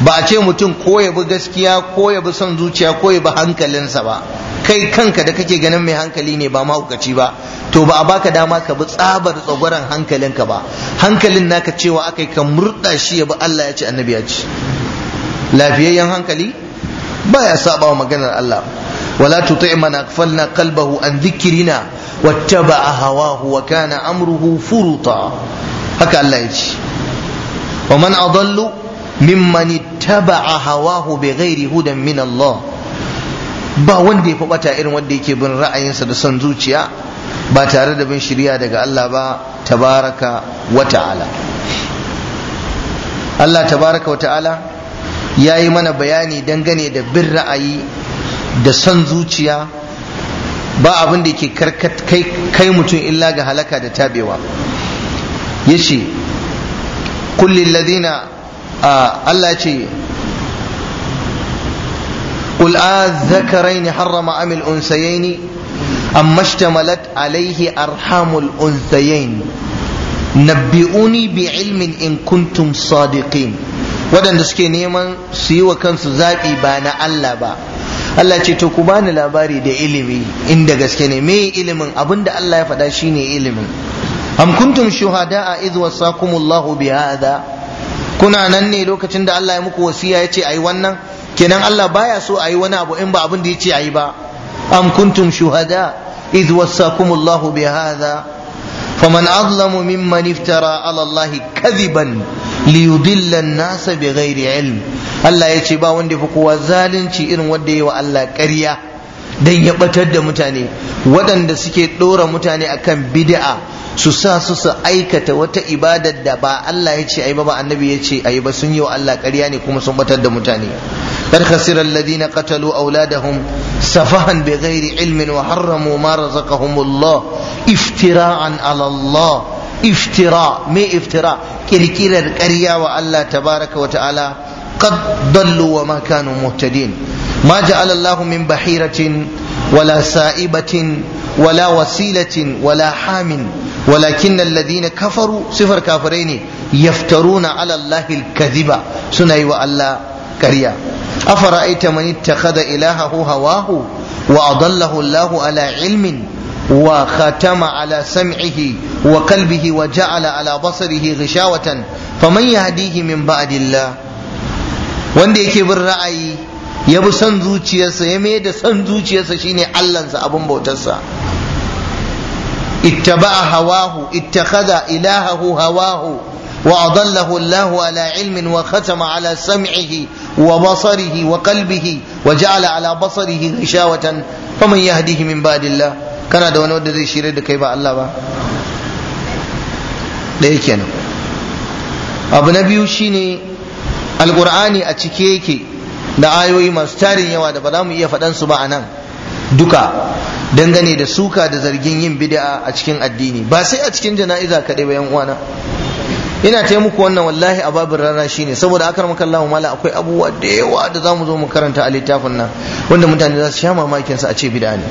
ba a ce mutum ko ya bi gaskiya ko ya bi son zuciya ko ya bi hankalinsa ba kai kanka da kake ganin mai hankali ne ba mahaukaci ba to ba a baka dama ka bi tsabar tsagwaron hankalinka ba hankalin naka cewa aka ka murda shi ya bi Allah ya ce annabi ya ce lafiyayyen hankali baya saba wa maganar Allah wala tuti man aqfalna qalbahu an dhikrina wattaba'a hawahu wa kana amruhu furuta haka Allah ya ce wa man adallu mimman ittaba'a hawahu bighairi hudan min Allah ba wanda ya fi bata irin wanda yake bin ra'ayinsa da son zuciya ba tare da bin shirya daga Allah ba tabaraka wa ta'ala Allah tabaraka wa ta'ala ya yi mana bayani dangane da bin ra'ayi da son zuciya ba abin da ke kai, mutum illa ga halaka da tabewa ya ce kullin ladina Allah ce قل الذكرين حرم أم الأنثيين أم اشتملت عليه أرحام الأنثيين نبئوني بعلم إن كنتم صادقين waɗanda suke neman su yi wa kansu zaɓi ba na Allah ba Allah ce to ku bani labari da ilimi inda gaske ne me ilimin da Allah ya faɗa shine ilimin am kuntum a idh wasakumullahu bihadha kuna nan ne lokacin da Allah ya muku wasiya yace ai wannan kenan Allah baya so a yi wani abu in ba abin da ya ce a yi ba am kuntum shuhada idh wassakum Allah bi hadha faman azlamu mimman iftara ala Allah kadhiban liyudilla an-nas ilm Allah ya ce ba wanda ya fi kowa zalunci irin wanda ya wa Allah ƙarya dan ya batar da mutane waɗanda suke ɗora mutane akan bid'a su sa su su aikata wata ibadar da ba Allah ya ce ayi ba ba annabi ya ce ayi ba sun yi wa Allah ƙarya ne kuma sun batar da mutane قد خسر الذين قتلوا أولادهم سفها بغير علم وحرموا ما رزقهم الله افتراء على الله افتراء ما افتراء كركير القرية والله تبارك وتعالى قد ضلوا وما كانوا مهتدين ما جعل الله من بحيرة ولا سائبة ولا وسيلة ولا حام ولكن الذين كفروا صفر كافرين يفترون على الله الكذبة سنة الله كريا afara'aita man ittakhadha ilahahu hawahu wa adallahu Allahu wa khatama ala sam'ihi wa qalbihi wa ja'ala ala basarihi ghishawatan faman min wanda yake bin ra'ayi ya bi son zuciyarsa ya mai da son zuciyarsa shine allansa abin bautarsa ittaba'a hawahu ittakhadha ilahahu hawahu wa adallahu Allahu ala ilmin wa khatama ala sam'ihi وبصره وقلبه وجعل على بصره غشاوة فمن يهديه من بعد الله Kana da wani wanda zai shirye da kai ba Allah ba da yake abu na biyu shine alqur'ani a cike yake da ayoyi masu tarin yawa da ba za mu iya faɗan su ba a nan duka dangane da suka da zargin yin bid'a a cikin addini ba sai a cikin jana'iza kaɗai ba yan uwana ina ce muku wannan wallahi a babin rana ne saboda akar makallahu mala akwai abubuwa da yawa da zamu zo mu karanta a littafin nan wanda mutane za su sha mamakin su a ce bid'a ne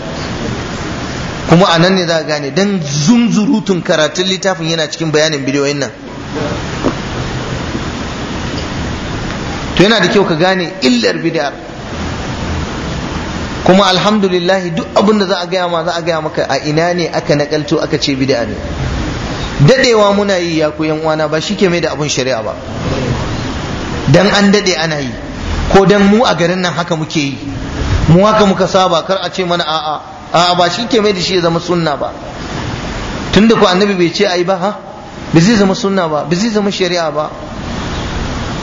kuma a nan ne za gane dan zunzurutun karatun littafin yana cikin bayanin bidiyoyin nan to yana da kyau ka gane illar bid'ar kuma alhamdulillah duk abin da za a gaya ma za a gaya maka a ina ne aka nakalto aka ce bid'a ne dadewa muna yi ya ku yan uwana ba shike mai da abun shari'a ba dan an dade ana yi ko dan mu a garin nan haka muke yi mu haka muka saba kar a ce mana a'a a'a ba shike mai da shi ya zama sunna ba tunda ku annabi bai ce ai ba ha ba zai zama sunna ba ba zai zama shari'a ba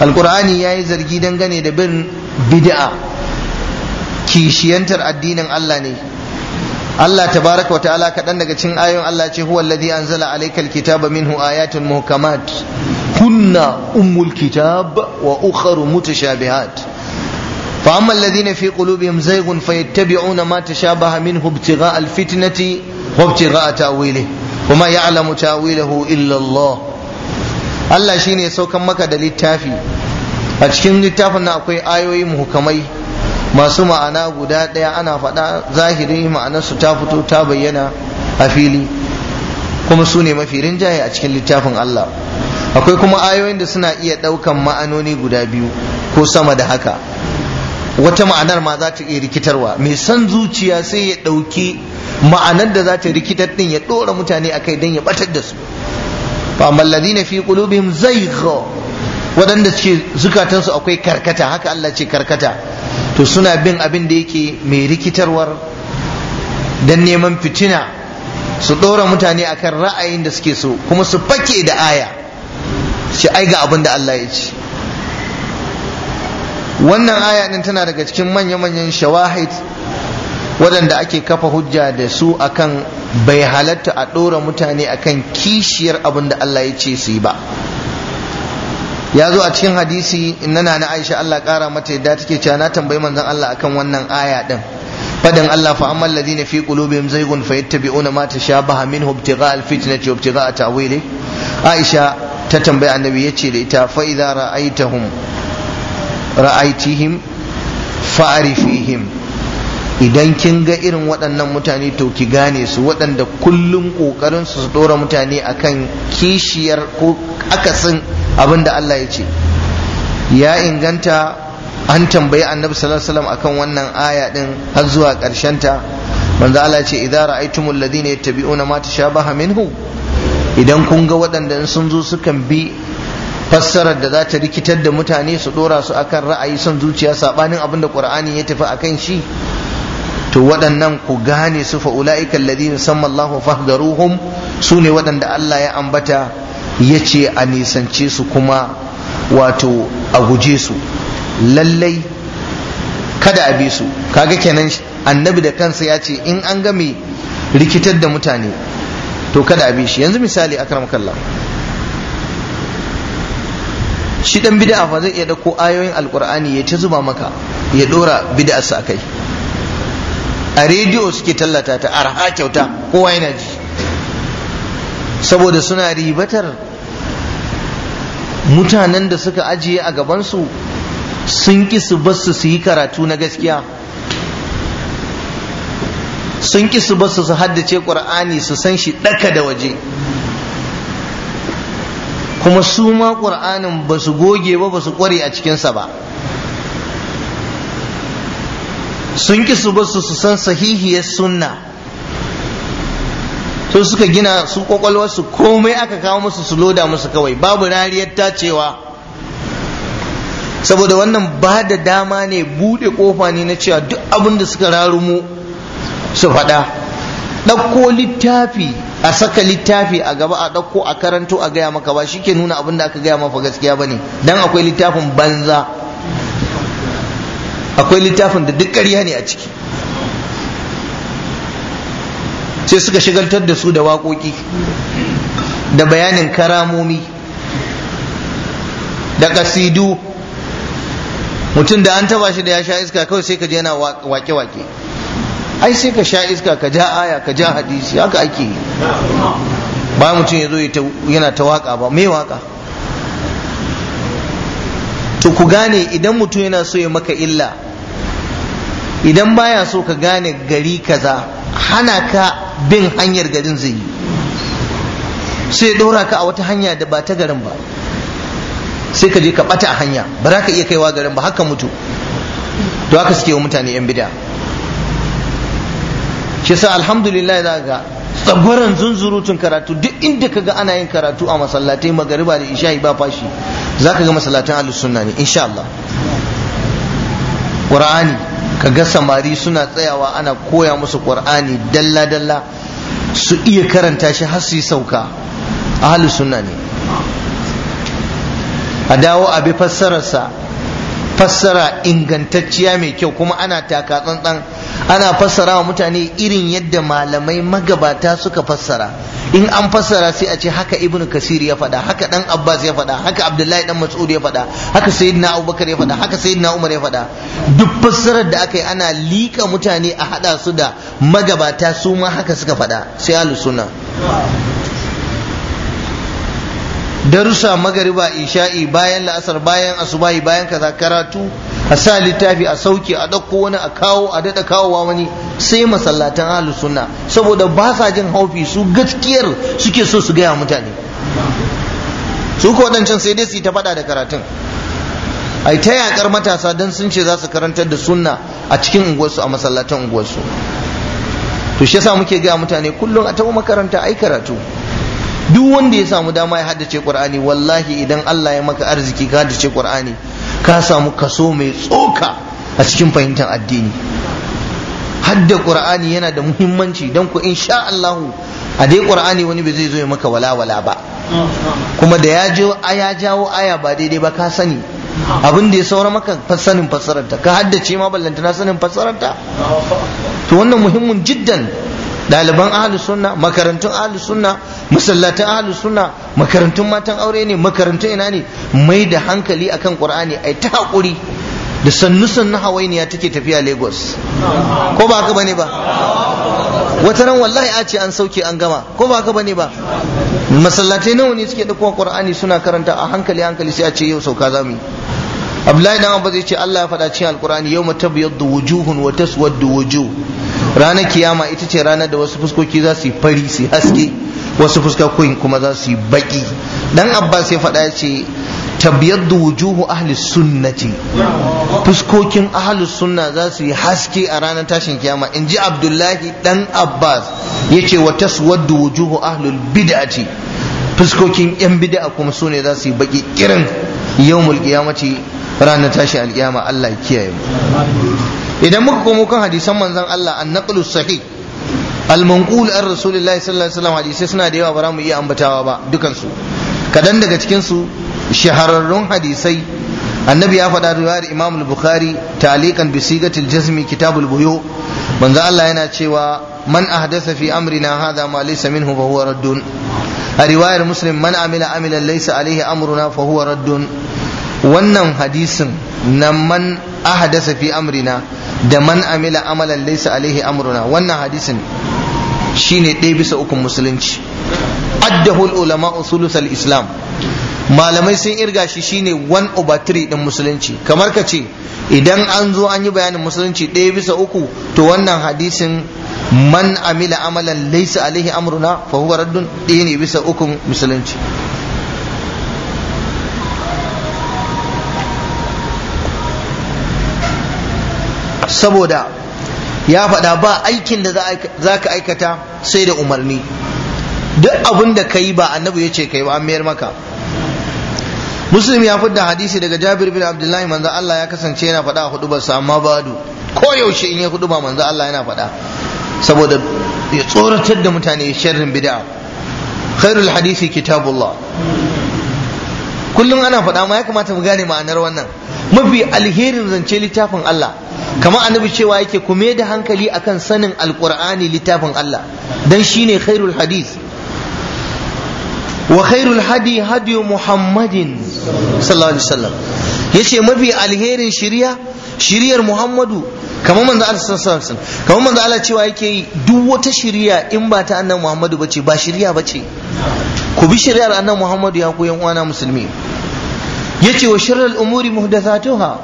alqur'ani ya yi zargi dangane da bin bid'a kishiyantar addinin Allah ne Allah tabaraka wa ta'ala kaɗan daga cikin ayoyin Allah ce huwa alladhi anzala alayka alkitaba minhu ayatun muhkamat kunna ummul kitab wa ukharu mutashabihat fa amma alladhina fi qulubihim zayghun fayattabi'una ma tashabaha minhu ibtigha'a alfitnati wa ibtigha'a ta'wilihi wa ma ya'lamu ta'wilahu illa Allah Allah shine saukan maka da littafi a cikin littafin akwai ayoyi muhkamai masu ma'ana guda ɗaya ana faɗa zahiri ma'anarsu ta fito ta bayyana a fili kuma su ne mafi rinjaye a cikin littafin Allah akwai kuma ayoyin da suna iya ɗaukan ma'anoni guda biyu ko sama da haka wata ma'anar ma za ta iya rikitarwa mai san zuciya sai ya ɗauki ma'anar da za ta rikitar ɗin ya ɗora mutane a kai don ya ɓatar da su fa na fi qulubihim zaygh waɗanda suke zukatansu akwai karkata haka Allah ce karkata to suna bin abin da yake mai rikitarwar don neman fitina su ɗora mutane akan ra'ayin da suke so kuma su fake da aya shi ai ga abin da Allah ya ce wannan aya ɗin tana daga cikin manya-manyan shawahid waɗanda ake kafa hujja da su akan bai halatta a ɗora mutane akan kishiyar abin da Allah ya ce su yi ba ya zo a cikin hadisi nana na Aisha Allah kara mata yadda take cewa na tambayi manzon Allah akan wannan aya din fadin Allah fa amman ladina fi qulubihim zaygun yattabi'una ma tashabaha minhu ibtigha'a alfitnati wa ibtigha ta'wili Aisha ta tambayi annabi yace da ita fa idza ra'aitahum ra'aitihim fa'rifihim idan kin ga irin waɗannan mutane to ki gane su waɗanda kullum ƙoƙarin su dora mutane akan kishiyar ko akasin abinda Allah ya ce ya inganta an tambayi annabi sallallahu alaihi wasallam akan wannan aya din har zuwa karshen ta manzo Allah ya ce idza ra'aytumul ladina yattabi'una ma tashabaha minhu idan kun ga waɗanda sun zo sukan bi fassarar da za ta rikitar da mutane su dora su akan ra'ayi son zuciya sabanin abin da qur'ani ya tafi akan shi to waɗannan ku gane su fa ulaika alladhina samma Allahu fahdharuhum sune waɗanda Allah ya ambata ya ce a nisance su kuma wato a guje su lallai kada a bi su kaga kenan annabi da kansa ya ce in an game rikitar da mutane to kada a bi shi yanzu misali akram kallah shi dan bid'a fa zai iya dauko ayoyin alqur'ani ya ta zuba maka ya dora sa kai a rediyo suke tallata ta arha kyauta kowa yana ji saboda suna ribatar mutanen da suka ajiye a gabansu sun ƙi su basu su yi karatu na gaskiya sun ƙi su basu su haddace ƙur'ani su san shi ɗaka da waje kuma su ma ƙur'anin ba su goge ba ba su ƙware a cikinsa ba sun ƙi su basu su san sahihiyar sunna so suka gina su kwakwalwarsu komai aka kawo musu su loda musu kawai babu rariyar tacewa saboda wannan ba da dama ne bude kofa ne na cewa duk abin da suka mu su faɗa ɗauko littafi a saka littafi a gaba a ɗauko a karanto a gaya maka ba shi ke nuna abin da aka gaya maka gaskiya ba ne don akwai littafin banza akwai littafin da duk ƙarya ne a ciki sai suka shigaltar da su da waƙoƙi da bayanin karamomi da ƙasidu mutum da an taba shi da ya sha iska kawai sai ka je yana wake-wake ai sai ka sha iska ka ja aya ka ja hadisi haka ake yi ba mutum ya zo yana ta waka ba me waka to ku gane idan mutum yana so ya maka illa idan baya so ka gane gari kaza hana ka bin hanyar garin zai yi sai ɗora ka a wata hanya da ba ta garin ba sai ka je ka ɓata a hanya ba za ka iya kaiwa garin ba haka mutu to haka suke wa mutane yan bida shi sa alhamdulillah za ga tsagwaron zunzurutun karatu duk inda ka ga ana yin karatu a masallatai magariba da isha'i ba fashi za ka ga masallatan alusunna ne insha Allah ƙura'ani kaga samari suna tsayawa ana koya musu qur'ani dalla dalla su iya karanta shi har su yi sauka ahlus sunna ne a dawo abi fassararsa fassara ingantacciya mai kyau kuma ana taka tsantsan ana fassara wa mutane irin yadda malamai magabata suka fassara in an fassara sai a ce haka ibn kasir ya faɗa haka dan abbas ya faɗa haka abdullahi dan mas'ud ya faɗa haka sayyidina abubakar ya faɗa haka sayyidina umar ya faɗa duk fassarar da aka yi ana lika mutane a haɗa su da magabata su ma haka suka faɗa sai ahlus sunna darussa magariba isha'i bayan la'asar bayan asubahi bayan kaza karatu a sa littafi a sauke a ɗauko wani a kawo a daɗa kawowa wani sai masallatan ahlu sunna saboda ba sa jin haufi su gaskiyar suke so su gaya mutane su ko waɗancan sai dai su yi ta faɗa da karatun ai ta yakar matasa don sun ce za su karantar da sunna a cikin unguwarsu a masallatan unguwarsu to shi yasa muke gaya mutane kullum a taɓa makaranta ai karatu duk wanda ya samu dama ya haddace qur'ani wallahi idan Allah ya maka arziki ka haddace qur'ani ka samu kaso mai tsoka a cikin fahimtar addini hadda qur'ani yana da muhimmanci don ku insha Allah a dai qur'ani wani bai zai zo ya maka walawala ba kuma da ya aya jawo aya ba daidai ba ka sani abin da ya saura maka sanin fassararta ka haddace ma ballantana sanin fassararta to wannan muhimmin jiddan ɗaliban ahlus sunna makarantun ahlus sunna masallatan ahlus sunna makarantun matan aure ne makarantun ina ne mai da hankali akan qur'ani ai ta hakuri da sannu sannu hawainiya take tafiya lagos ko ba haka bane ba wata ran wallahi a ce an sauke an gama ko ba haka bane ba masallatai nawa ne suke dauko qur'ani suna karanta a hankali hankali sai a ce yau sauka zamu yi abdullahi dan abba zai ce Allah ya fada cikin alqur'ani yawma tabyaddu wujuhun wa taswaddu wujuh ranar kiyama ita ce ranar da wasu fuskoki za su yi fari su haske wasu fuskakoyin kuma za su yi baki dan abbas ya faɗa ce da wujuhu ahli sunnati fuskokin ahli sunna za su yi haske a ranar tashin kiyama in ji abdullahi dan Abba ya ce wa taswaddu wujuhu ahli bid'ati fuskokin yan bid'a kuma su ne za su yi baki kirin yawmul qiyamati ranar tashin alkiyama Allah ya kiyaye idan muka komo kan hadisan manzon Allah an-naqlu sahih al-manqul an rasulullahi sallallahu alaihi wasallam hadisi suna da yawa ba za mu iya ambatawa ba su. kadan daga cikin su shahararrun hadisai annabi ya faɗa riwayar imam al-bukhari talikan bi sigatil jazmi kitabul buyu manzo Allah yana cewa man ahdasa fi amrina hadha ma laysa minhu fa huwa raddun a riwayar muslim man amila amilan laysa alaihi amruna fa huwa raddun wannan hadisin na man ahdasa fi amrina da man amila amalan laysa alaihi amruna wannan hadisin shine ɗaya bisa ukun musulunci addahul ulama usulusal islam malamai sun irga shi shine 1 over 3 din musulunci kamar ka ce idan an zo an yi bayanin musulunci ɗaya bisa uku to wannan hadisin man amila amalan laisa alaihi amruna fa huwa raddun ɗaya ne bisa ukun musulunci saboda ya faɗa ba aikin da za ka aikata sai da umarni duk abin da ka yi ba annabi ya ce ka yi ba an mayar maka muslim ya da hadisi daga jabir bin abdullahi manzo Allah ya kasance yana faɗa a hudubarsa amma badu ko yaushe in ya huduba manzo Allah yana faɗa saboda ya tsoratar da mutane sharrin bid'a khairul hadisi kitabullah kullum ana faɗa ma ya kamata mu gane ma'anar wannan mafi alherin zance littafin Allah kamar annabi cewa yake ku mai da hankali akan sanin alqur'ani littafin Allah dan shine khairul hadith wa khairul hadi hadi muhammadin sallallahu alaihi wasallam yace mafi alherin shari'a shiriyar muhammadu kamar manzo Allah sallallahu alaihi wasallam kamar manzo Allah cewa yake duk wata shari'a in ba ta annabi muhammadu bace ba shari'a bace ku bi shari'ar annabi muhammadu ya ku yan uwana musulmi yace wa sharral umuri muhdathatuha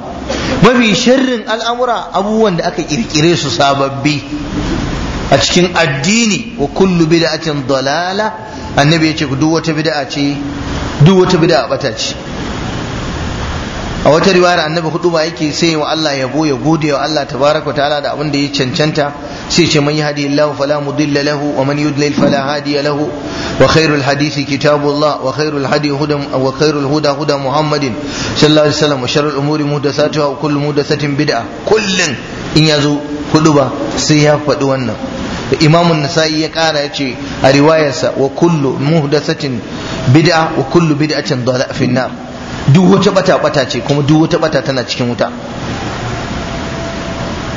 mafi sharrin al'amura abubuwan da aka kirkire su sababbi a cikin addini wa kullu bid'atin dalala annabi yace duk wata bid'a ce duk wata bid'a bata ce a wata riwaya annabi hudu ba yake sai wa Allah yabo ya gode wa Allah tabaraka ta'ala da abin da ya cancanta sai ce man yahdi Allah fala mudilla lahu wa man yudlil fala hadiya lahu wa khairul hadisi kitabullah wa khairul hadi huda wa khairul huda huda Muhammadin sallallahu alaihi wasallam wa sharrul umuri muhdathatuha wa kullu muhdathatin bid'a kullun in yazo hudu ba sai ya faɗi wannan imam an-nasa'i ya kara ce a riwayarsa wa kullu muhdathatin bid'a wa kullu bid'atin dhalal fi nar duk wata bata bata ce kuma duk wata bata tana cikin wuta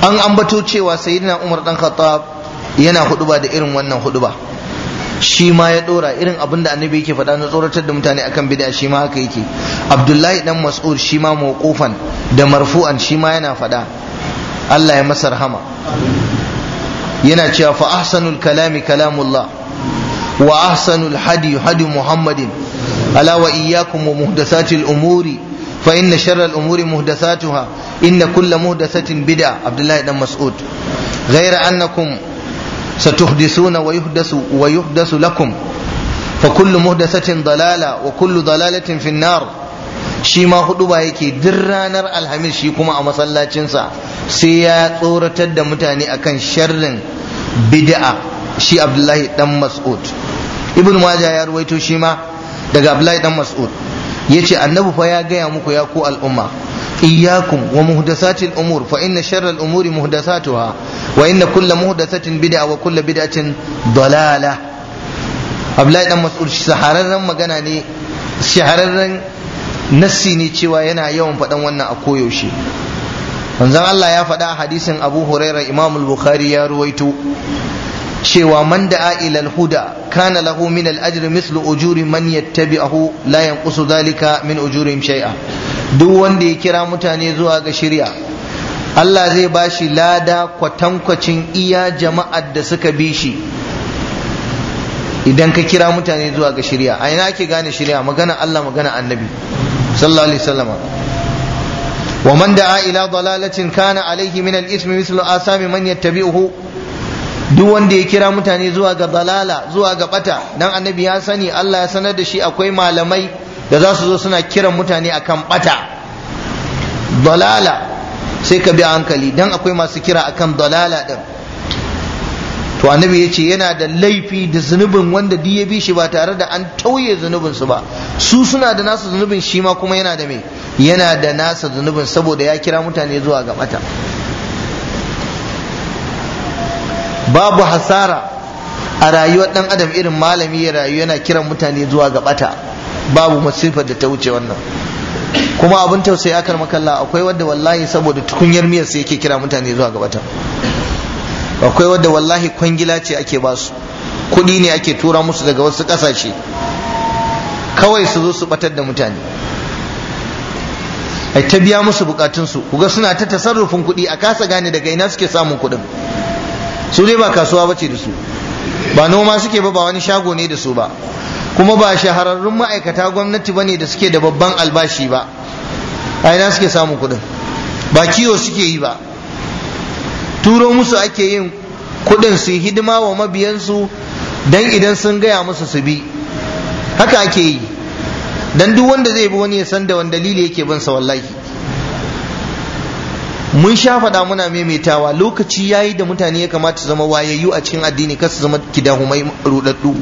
an ambato cewa sayyidina umar dan khattab yana huduba da irin wannan huduba shi ma ya dora irin abin da annabi yake faɗa na tsoratar da mutane akan bid'a shi ma haka yake abdullahi dan mas'ud shi ma mawqufan da marfu'an shi ma yana faɗa Allah ya masa rahama yana cewa fa ahsanul kalami kalamullah wa ahsanul hadi hadi muhammadin ألا وإياكم ومهدسات الأمور فإن شر الأمور مهدساتها إن كل مهدسة بدعة عبد الله بن مسعود غير أنكم ستحدثون ويحدث ويحدث لكم فكل مهدسة ضلالة وكل ضلالة في النار shi ma hudu ba yake duk ranar alhamis shi kuma a masallacinsa sai ya tsoratar da mutane akan sharrin bid'a shi abdullahi dan mas'ud ibn majah ya ruwaito shi ma daga abdullahi dan mas'ud yace annabi fa ya gaya muku ya ku al'umma iyyakum wa muhdathatil umur fa inna sharral umuri muhdathatuha wa inna kulla muhdathatin bid'a wa kulla bid'atin dalala abdullahi dan mas'ud shahararren magana ne shahararren nassi ne cewa yana yawan faɗan wannan a koyaushe manzon Allah ya faɗa hadisin Abu Huraira Imam Bukhari ya ruwaito cewa man da'a ilal huda kana lahu min al-ajri mithlu ujuri man yattabi'ahu la yanqusu dhalika min ujurihim shay'a duk wanda ya kira mutane zuwa ga shari'a Allah zai bashi lada kwatankwacin iya jama'ar da suka bi shi idan ka kira mutane zuwa ga shari'a a ina ake gane shari'a magana Allah magana annabi sallallahu alaihi wasallam wa man da'a ila dalalatin kana alaihi min al-ismi mithlu asami man yattabi'uhu duk wanda ya kira mutane zuwa ga dalala zuwa ga bata dan annabi ya sani Allah ya sanar da shi akwai malamai da za su zo suna kiran mutane akan bata dalala sai ka bi hankali dan akwai masu kira akan dalala din to annabi ya ce yana da laifi da zunubin wanda duk ya bi shi ba tare da an tauye zunubin su ba su suna da nasu zunubin shi ma kuma yana da me yana da nasa zunubin saboda ya kira mutane zuwa ga bata babu hasara a rayuwar dan adam irin malami ya rayu yana kiran mutane zuwa ga bata babu masifar da ta wuce wannan kuma abin tausayi akar makalla akwai wadda wallahi saboda tukunyar miyar sai yake kira mutane zuwa ga bata akwai wadda wallahi kwangila ce ake basu kuɗi ne ake tura musu daga wasu ƙasashe kawai su zo su batar da mutane ai ta biya musu bukatunsu kuga suna ta tasarrufin kuɗi a kasa gane daga ina suke samun kuɗin su dai ba kasuwa bace da su ba noma suke ba ba wani shago ne da su ba kuma ba shahararrun ma'aikata gwamnati ba ne da suke da babban albashi ba a ina suke samun kuɗin ba kiwo suke yi ba turo musu ake yin kuɗin su hidima wa mabiyansu don idan sun gaya musu su bi haka ake yi dan duk wanda zai bi wani ya san da wani dalili yake bin sa wallahi mun sha faɗa muna maimaitawa lokaci ya yi da mutane ya kamata su zama wayayyu a cikin addini kar su zama kidahumai ruɗaɗɗu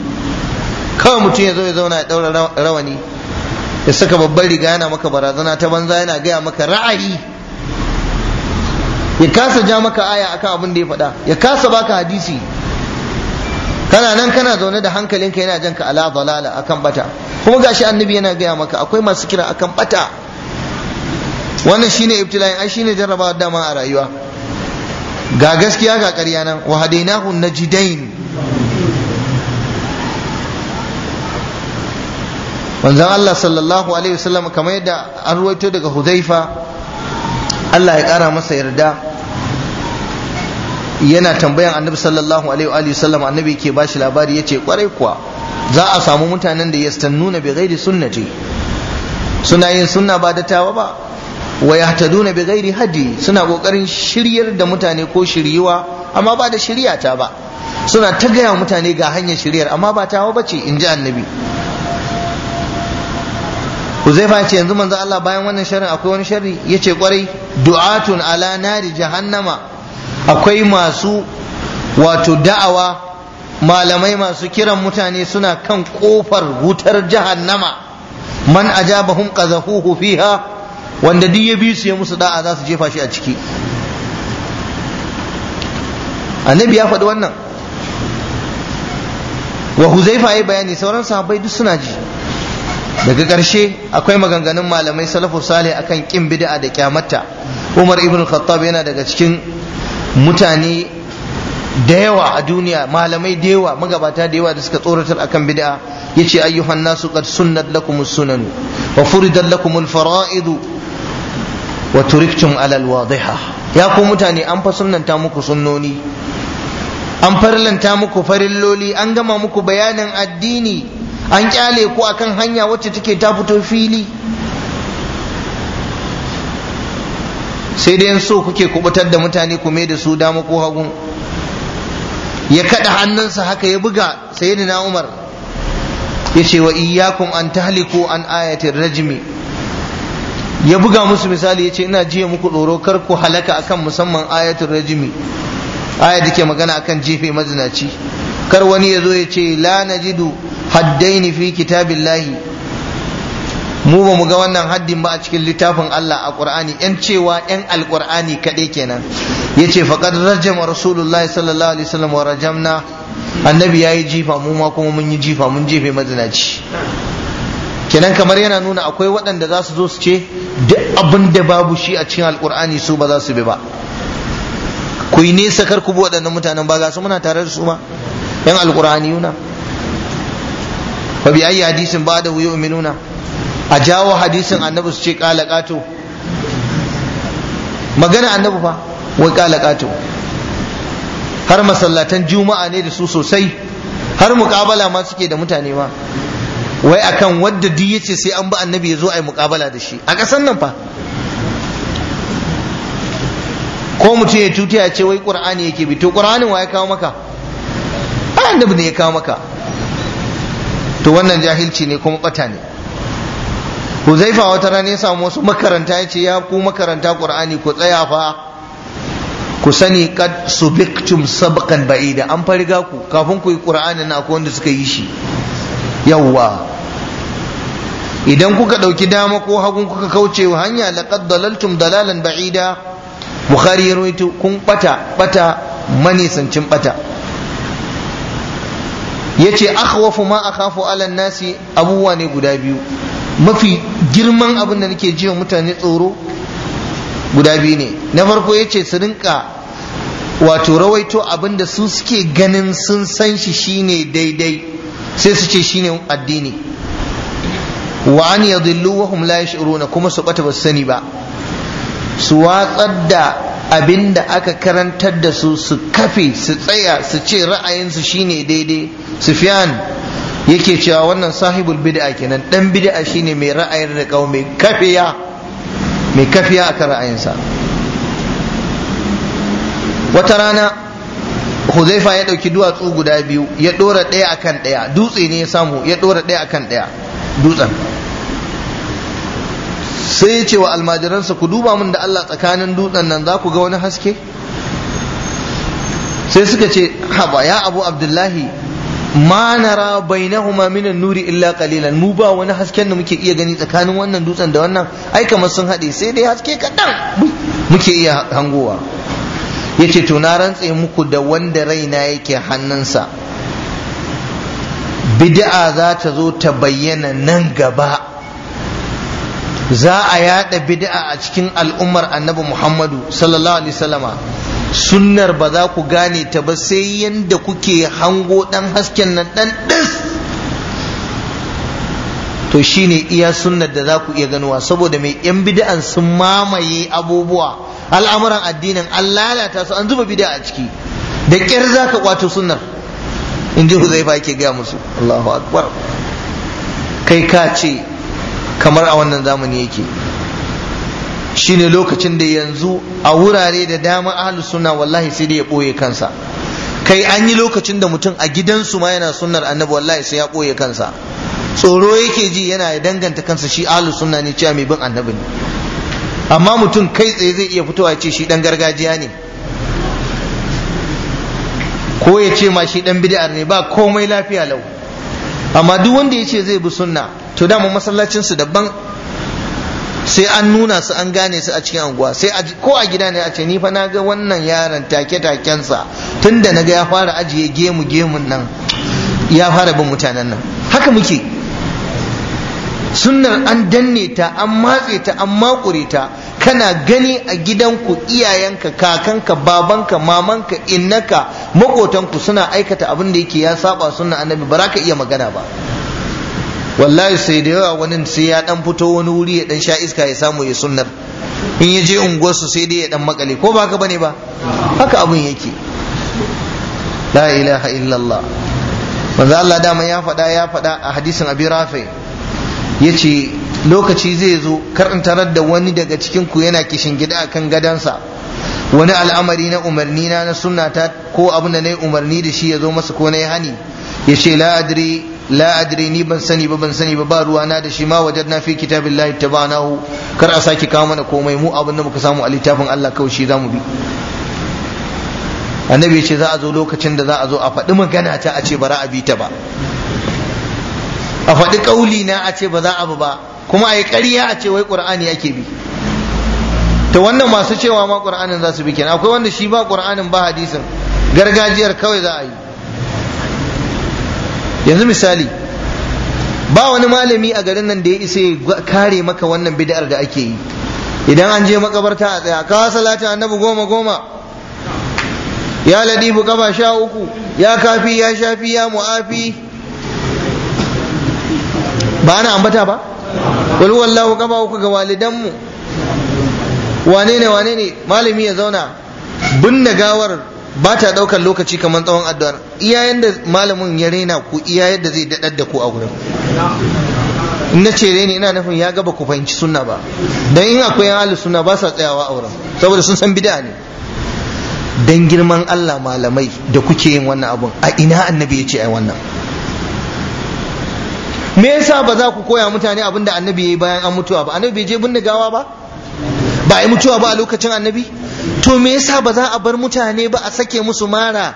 kawai mutum ya zo ya zauna ya ɗaura rawani ya saka babban riga yana maka barazana ta banza yana gaya maka ra'ayi ya kasa ja maka aya akan abin da ya faɗa ya kasa baka hadisi kana nan kana zaune da hankalinka yana jan ka ala dalala akan bata kuma gashi annabi yana gaya maka akwai masu kira akan bata wannan shine ibtila'in ai shine jarrabawa dama a rayuwa ga gaskiya ga ƙarya nan wa hadainahu najidain Wanzan Allah sallallahu alaihi wasallam kamar yadda an ruwaito daga Hudhaifa Allah ya ƙara masa yarda yana tambayan annabi sallallahu alaihi wasallam annabi ke bashi labari yace kwarai kuwa za a samu mutanen da yastannuna bi ghairi sunnati suna yin sunna ba da tawa ba wa yahtaduna bi ghairi hadi suna kokarin shiryar da mutane ko shiryuwa amma ba da ta ba suna ta gaya mutane ga hanyar shiryar amma ba ta ba ce in ji annabi Huzaifa ce yanzu manzo Allah bayan wannan sharrin akwai wani sharri yace kwarai du'atun ala nari jahannama akwai masu wato da'awa malamai masu kiran mutane suna kan kofar wutar jahannama man ajabahum qazahuhu fiha wanda duk ya bi su ya musu da'a za su jefa shi a ciki annabi ya faɗi wannan wa huzaifa ya bayani sauran sahabbai duk suna ji daga ƙarshe akwai maganganun malamai salafu salih akan kin bid'a da kyamata umar ibn khattab yana daga cikin mutane da yawa a duniya malamai da yawa magabata da yawa da suka tsoratar akan bid'a yace ayyuhan nasu qad sunnat lakum sunanu wa furidat lakum al-fara'id wa turiktum alal wadiha ya ku mutane an fa sunnanta muku sunnoni an farlanta muku farilloli an gama muku bayanin addini an kyale ku akan hanya wacce take ta fito fili sai dai so kuke kubutar da mutane ku mai da su dama ko hagu ya kada hannunsa haka ya buga sayyidina Umar yace wa iyyakum an tahliku an ayatir rajmi ya buga musu misali ya ce ina jiya muku tsoro kar ku halaka akan musamman ayatul rajimi aya da magana akan jefe mazinaci kar wani ya zo ya ce la najidu haddaini fi kitabillahi mu ba mu ga wannan haddin ba a cikin littafin Allah a Qur'ani yan cewa yan alqur'ani kadai kenan yace faqad rajama rasulullahi sallallahu alaihi wasallam wa rajamna annabi yayi jifa mu ma kuma mun yi jifa mun jefe mazinaci kenan kamar yana nuna akwai waɗanda za su zo su ce duk abin da babu shi a cikin alkur'ani su ba za su bi ba ku yi nesa kar ku bi waɗannan mutanen ba ga su muna tare da su ma yan alkur'aniyuna fa bi ayi hadisin ba da nuna. a jawo hadisin annabi su ce ƙala ƙato magana annabi fa wai ƙala ƙato har masallatan juma'a ne da su sosai har muƙabala ma suke da mutane ma wai akan wadda duk yace sai an bi annabi ya zo a yi muƙabala da shi a ƙasan nan fa ko mutum ya tuti ya ce wai ƙur'ani yake bi to ƙur'anin wa ya kawo maka ba annabi ne ya kawo maka to wannan jahilci ne kuma ɓata ne Huzaifa wata rana ya samu wasu makaranta ya ce ya ku makaranta Qur'ani ku tsaya fa ku sani kad subiqtum sabqan ba'ida an fariga ku kafin ku yi Qur'anin na akwai wanda suka yi shi yawwa idan kuka ɗauki dama ko hagun kuka kauce wa hanya laqad dalaltum dalalan ba'ida bukhari ya rawaito kun bata bata manisancin bata yace akhwafu ma akhafu ala nasi abubuwa ne guda biyu mafi girman abin da nake jiwa mutane tsoro guda biyu ne na farko yace su rinka wato rawaito abin da su suke ganin sun san shi shine daidai sai su ce shine addini wa an yadhillu wa hum la yash'uruna kuma su bata basu sani ba su watsar da abinda aka karantar da su su kafe su tsaya su ce ra'ayinsu shine daidai sufyan yake cewa wannan sahibul bid'a kenan dan bid'a shine mai ra'ayin da mai kafiya mai kafiya akan ra'ayinsa wata rana huzaifa ya ɗauki duwatsu guda biyu ya ɗora ɗaya akan ɗaya dutse ne ya samu ya ɗora ɗaya akan ɗaya dutsen sai ya ce wa almajiransa ku duba min da Allah tsakanin dutsen nan za ku ga wani haske sai suka ce haba ya abu abdullahi ma nara bainahuma min nuri illa qalilan mu ba wani hasken da muke iya gani tsakanin wannan dutsen da wannan ai kamar sun haɗe sai dai haske kaɗan muke iya hangowa yace to na rantse muku da wanda raina yake hannunsa bid'a za ta zo ta bayyana nan gaba za a yada bid'a a cikin al'ummar annabi Muhammadu sallallahu alaihi wasallama sunnar ba za ku gane ta ba sai yanda kuke hango dan hasken nan dan dis to shine iya sunnar da za ku iya ganowa saboda mai yan bid'an sun mamaye abubuwa al'amuran addinin an lalata su an zuba bid'a a ciki da kyar za ka kwato sunnar in ji Huzaifa yake gaya musu Allahu akbar kai ka ce kamar a wannan zamani yake shine lokacin da yanzu a wurare da dama ahlus sunna wallahi sai da ya ɓoye kansa kai an yi lokacin da mutum a gidansu ma yana sunnar annabi wallahi sai ya ɓoye kansa tsoro yake ji yana danganta kansa shi ahlus sunna ne cewa mai bin annabi ne amma mutum kai tsaye zai iya fitowa ce shi dan gargajiya ne ko ya ce ma shi dan bid'ar ne ba komai lafiya lau amma duk wanda ya ce zai bi sunna to dama masallacinsu daban sai an nuna su an gane su a cikin anguwa sai ko a gida ne a ce ni fa na ga wannan yaron take takensa tunda na ga ya fara ajiye gemu gemun nan ya fara bin mutanen nan haka muke sunnar an danne ta an matse ta an makure ta kana gani a gidanku iyayenka kakanka babanka mamanka innaka makotanku suna aikata abin da yake ya saba sunna annabi ba za ka iya magana ba wallahi sai da yawa wani sai ya dan fito wani wuri ya dan sha iska ya samu ya sunnar in ya je unguwarsu sai dai ya dan makale ko ba ka bane ba haka abin yake la ilaha illallah manzo Allah dama ya faɗa ya faɗa a hadisin abi rafi yace lokaci zai zo kar tarar da wani daga cikin ku yana kishin gida akan gadansa wani al'amari na umarni na na sunna ta ko abu da nai umarni da shi ya zo masa ko yi hani ya ce la adri la adri ni ban sani ba ban sani ba ba ruwa na da shi ma na fi kitabillahi tabanahu kar a saki kawo mana komai mu abin da muka samu a littafin Allah kawai shi zamu bi annabi ya ce za a zo lokacin da za a zo a faɗi magana ta a ce bara a bi ta ba a faɗi ƙauli na a ce ba za a ba kuma ayi yi ƙarya a ce wai ƙur'ani ake bi ta wannan masu cewa ma ƙur'anin za su bi kenan akwai wanda shi ba ƙur'anin ba hadisin gargajiyar kawai za a yi yanzu misali ba wani malami a garin nan da ya isa ya kare maka wannan bid'ar da ake yi idan an je makabarta a tsaya "Ka salatin annabi goma goma ya ladibu kafa sha uku ya kafi ya shafi ya mu'afi ba ana ambata ba kul wallahu ba ku ga walidanmu wane ne wane ne malami ya zauna binne gawar ba ta daukar lokaci kamar tsawon addu'ar iya da malamin ya rena ku iya yadda zai dadar da ku a gurin na ce ne ina nufin ya gaba ku fahimci sunna ba dan in akwai yan suna sunna ba sa tsayawa a wurin saboda sun san bid'a ne dan girman Allah malamai da kuke yin wannan abun a ina annabi ya ce ai wannan me yasa ba za ku koya mutane abin da annabi ya yi bayan an mutuwa ba annabi bai je binne gawa ba ba a yi mutuwa ba a lokacin annabi to me yasa ba za a bar mutane ba a sake musu mara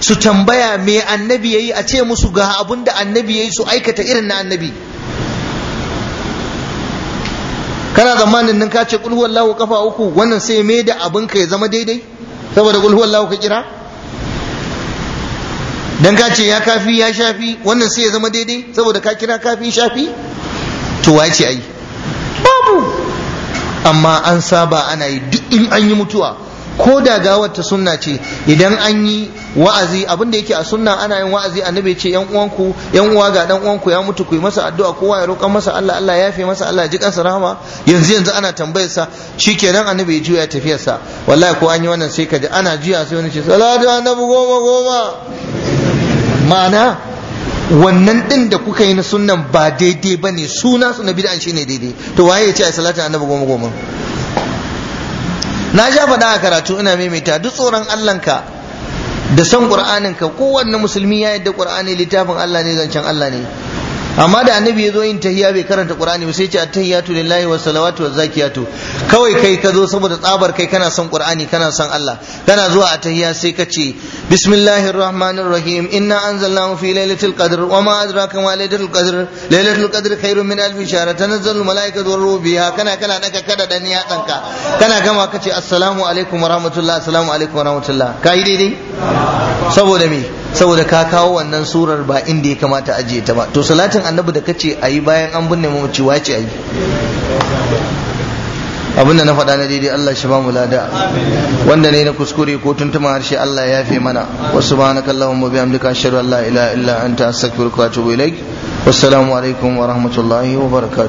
su tambaya me annabi ya yi, a ce musu ga abin da annabi ya yi su aikata irin na annabi kana zamanin nan ka ce kul kafa uku wannan sai me da abin ka ya zama daidai saboda kul huwallahu ka kira dan ka ce ya kafi ya shafi wannan sai ya zama daidai saboda ka kira kafi shafi to waye ce ai babu amma an saba ana yi duk in an yi mutuwa ko da gawar ta sunna ce idan an yi wa'azi abin da yake a sunna ana yin wa'azi annabi ce yan uwanku yan uwa ga dan uwanku ya mutu ku yi masa addu'a kowa ya roƙa masa Allah Allah ya yafe masa Allah ya ji kansa rahama yanzu yanzu ana tambayar sa shikenan annabi ya juya tafiyar sa wallahi ko an yi wannan sai ka ji ana juya sai wani ce salatu annabi goma goma mana wannan din da kuka yi na sunnan ba daidai ba ne suna su na bid'an shine daidai to waye ya ce a salatin annabi goma goma na sha faɗa a karatu ina maimaita duk tsoron ka da san ƙur'aninka ka kowanne musulmi ya yadda ƙur'ani littafin Allah ne zancen Allah ne amma da annabi ya zo yin tahiyya bai karanta qur'ani ba sai ce at-tahiyyatu lillahi was salawatu waz zakiyatu kawai kai ka zo saboda tsabar kai kana son qur'ani kana son Allah kana zuwa a tahiyya sai ka ce bismillahir rahmanir rahim inna anzalnahu fi lailatul qadr wa ma adraka ma lailatul qadr lailatul qadr khairun min alf shahra tanazzalu malaikatu war ruhu biha kana kana daka kada dan ya tsanka kana gama ka ce assalamu alaikum wa rahmatullah assalamu alaikum wa rahmatullah kai daidai saboda me saboda ka kawo wannan surar ba inda ya kamata ajiye ta ba to salatin annabi da kace ayi bayan an binne ci wace ayi Abin da na faɗa na daidai Allah shi ba mu lada wanda ne na kuskure ko tuntuma harshe Allah ya yafe mana wa subhanaka wa bihamdika ashhadu an la ilaha illa anta astaghfiruka wa atubu ilaik wassalamu alaikum wa rahmatullahi wa barakatuh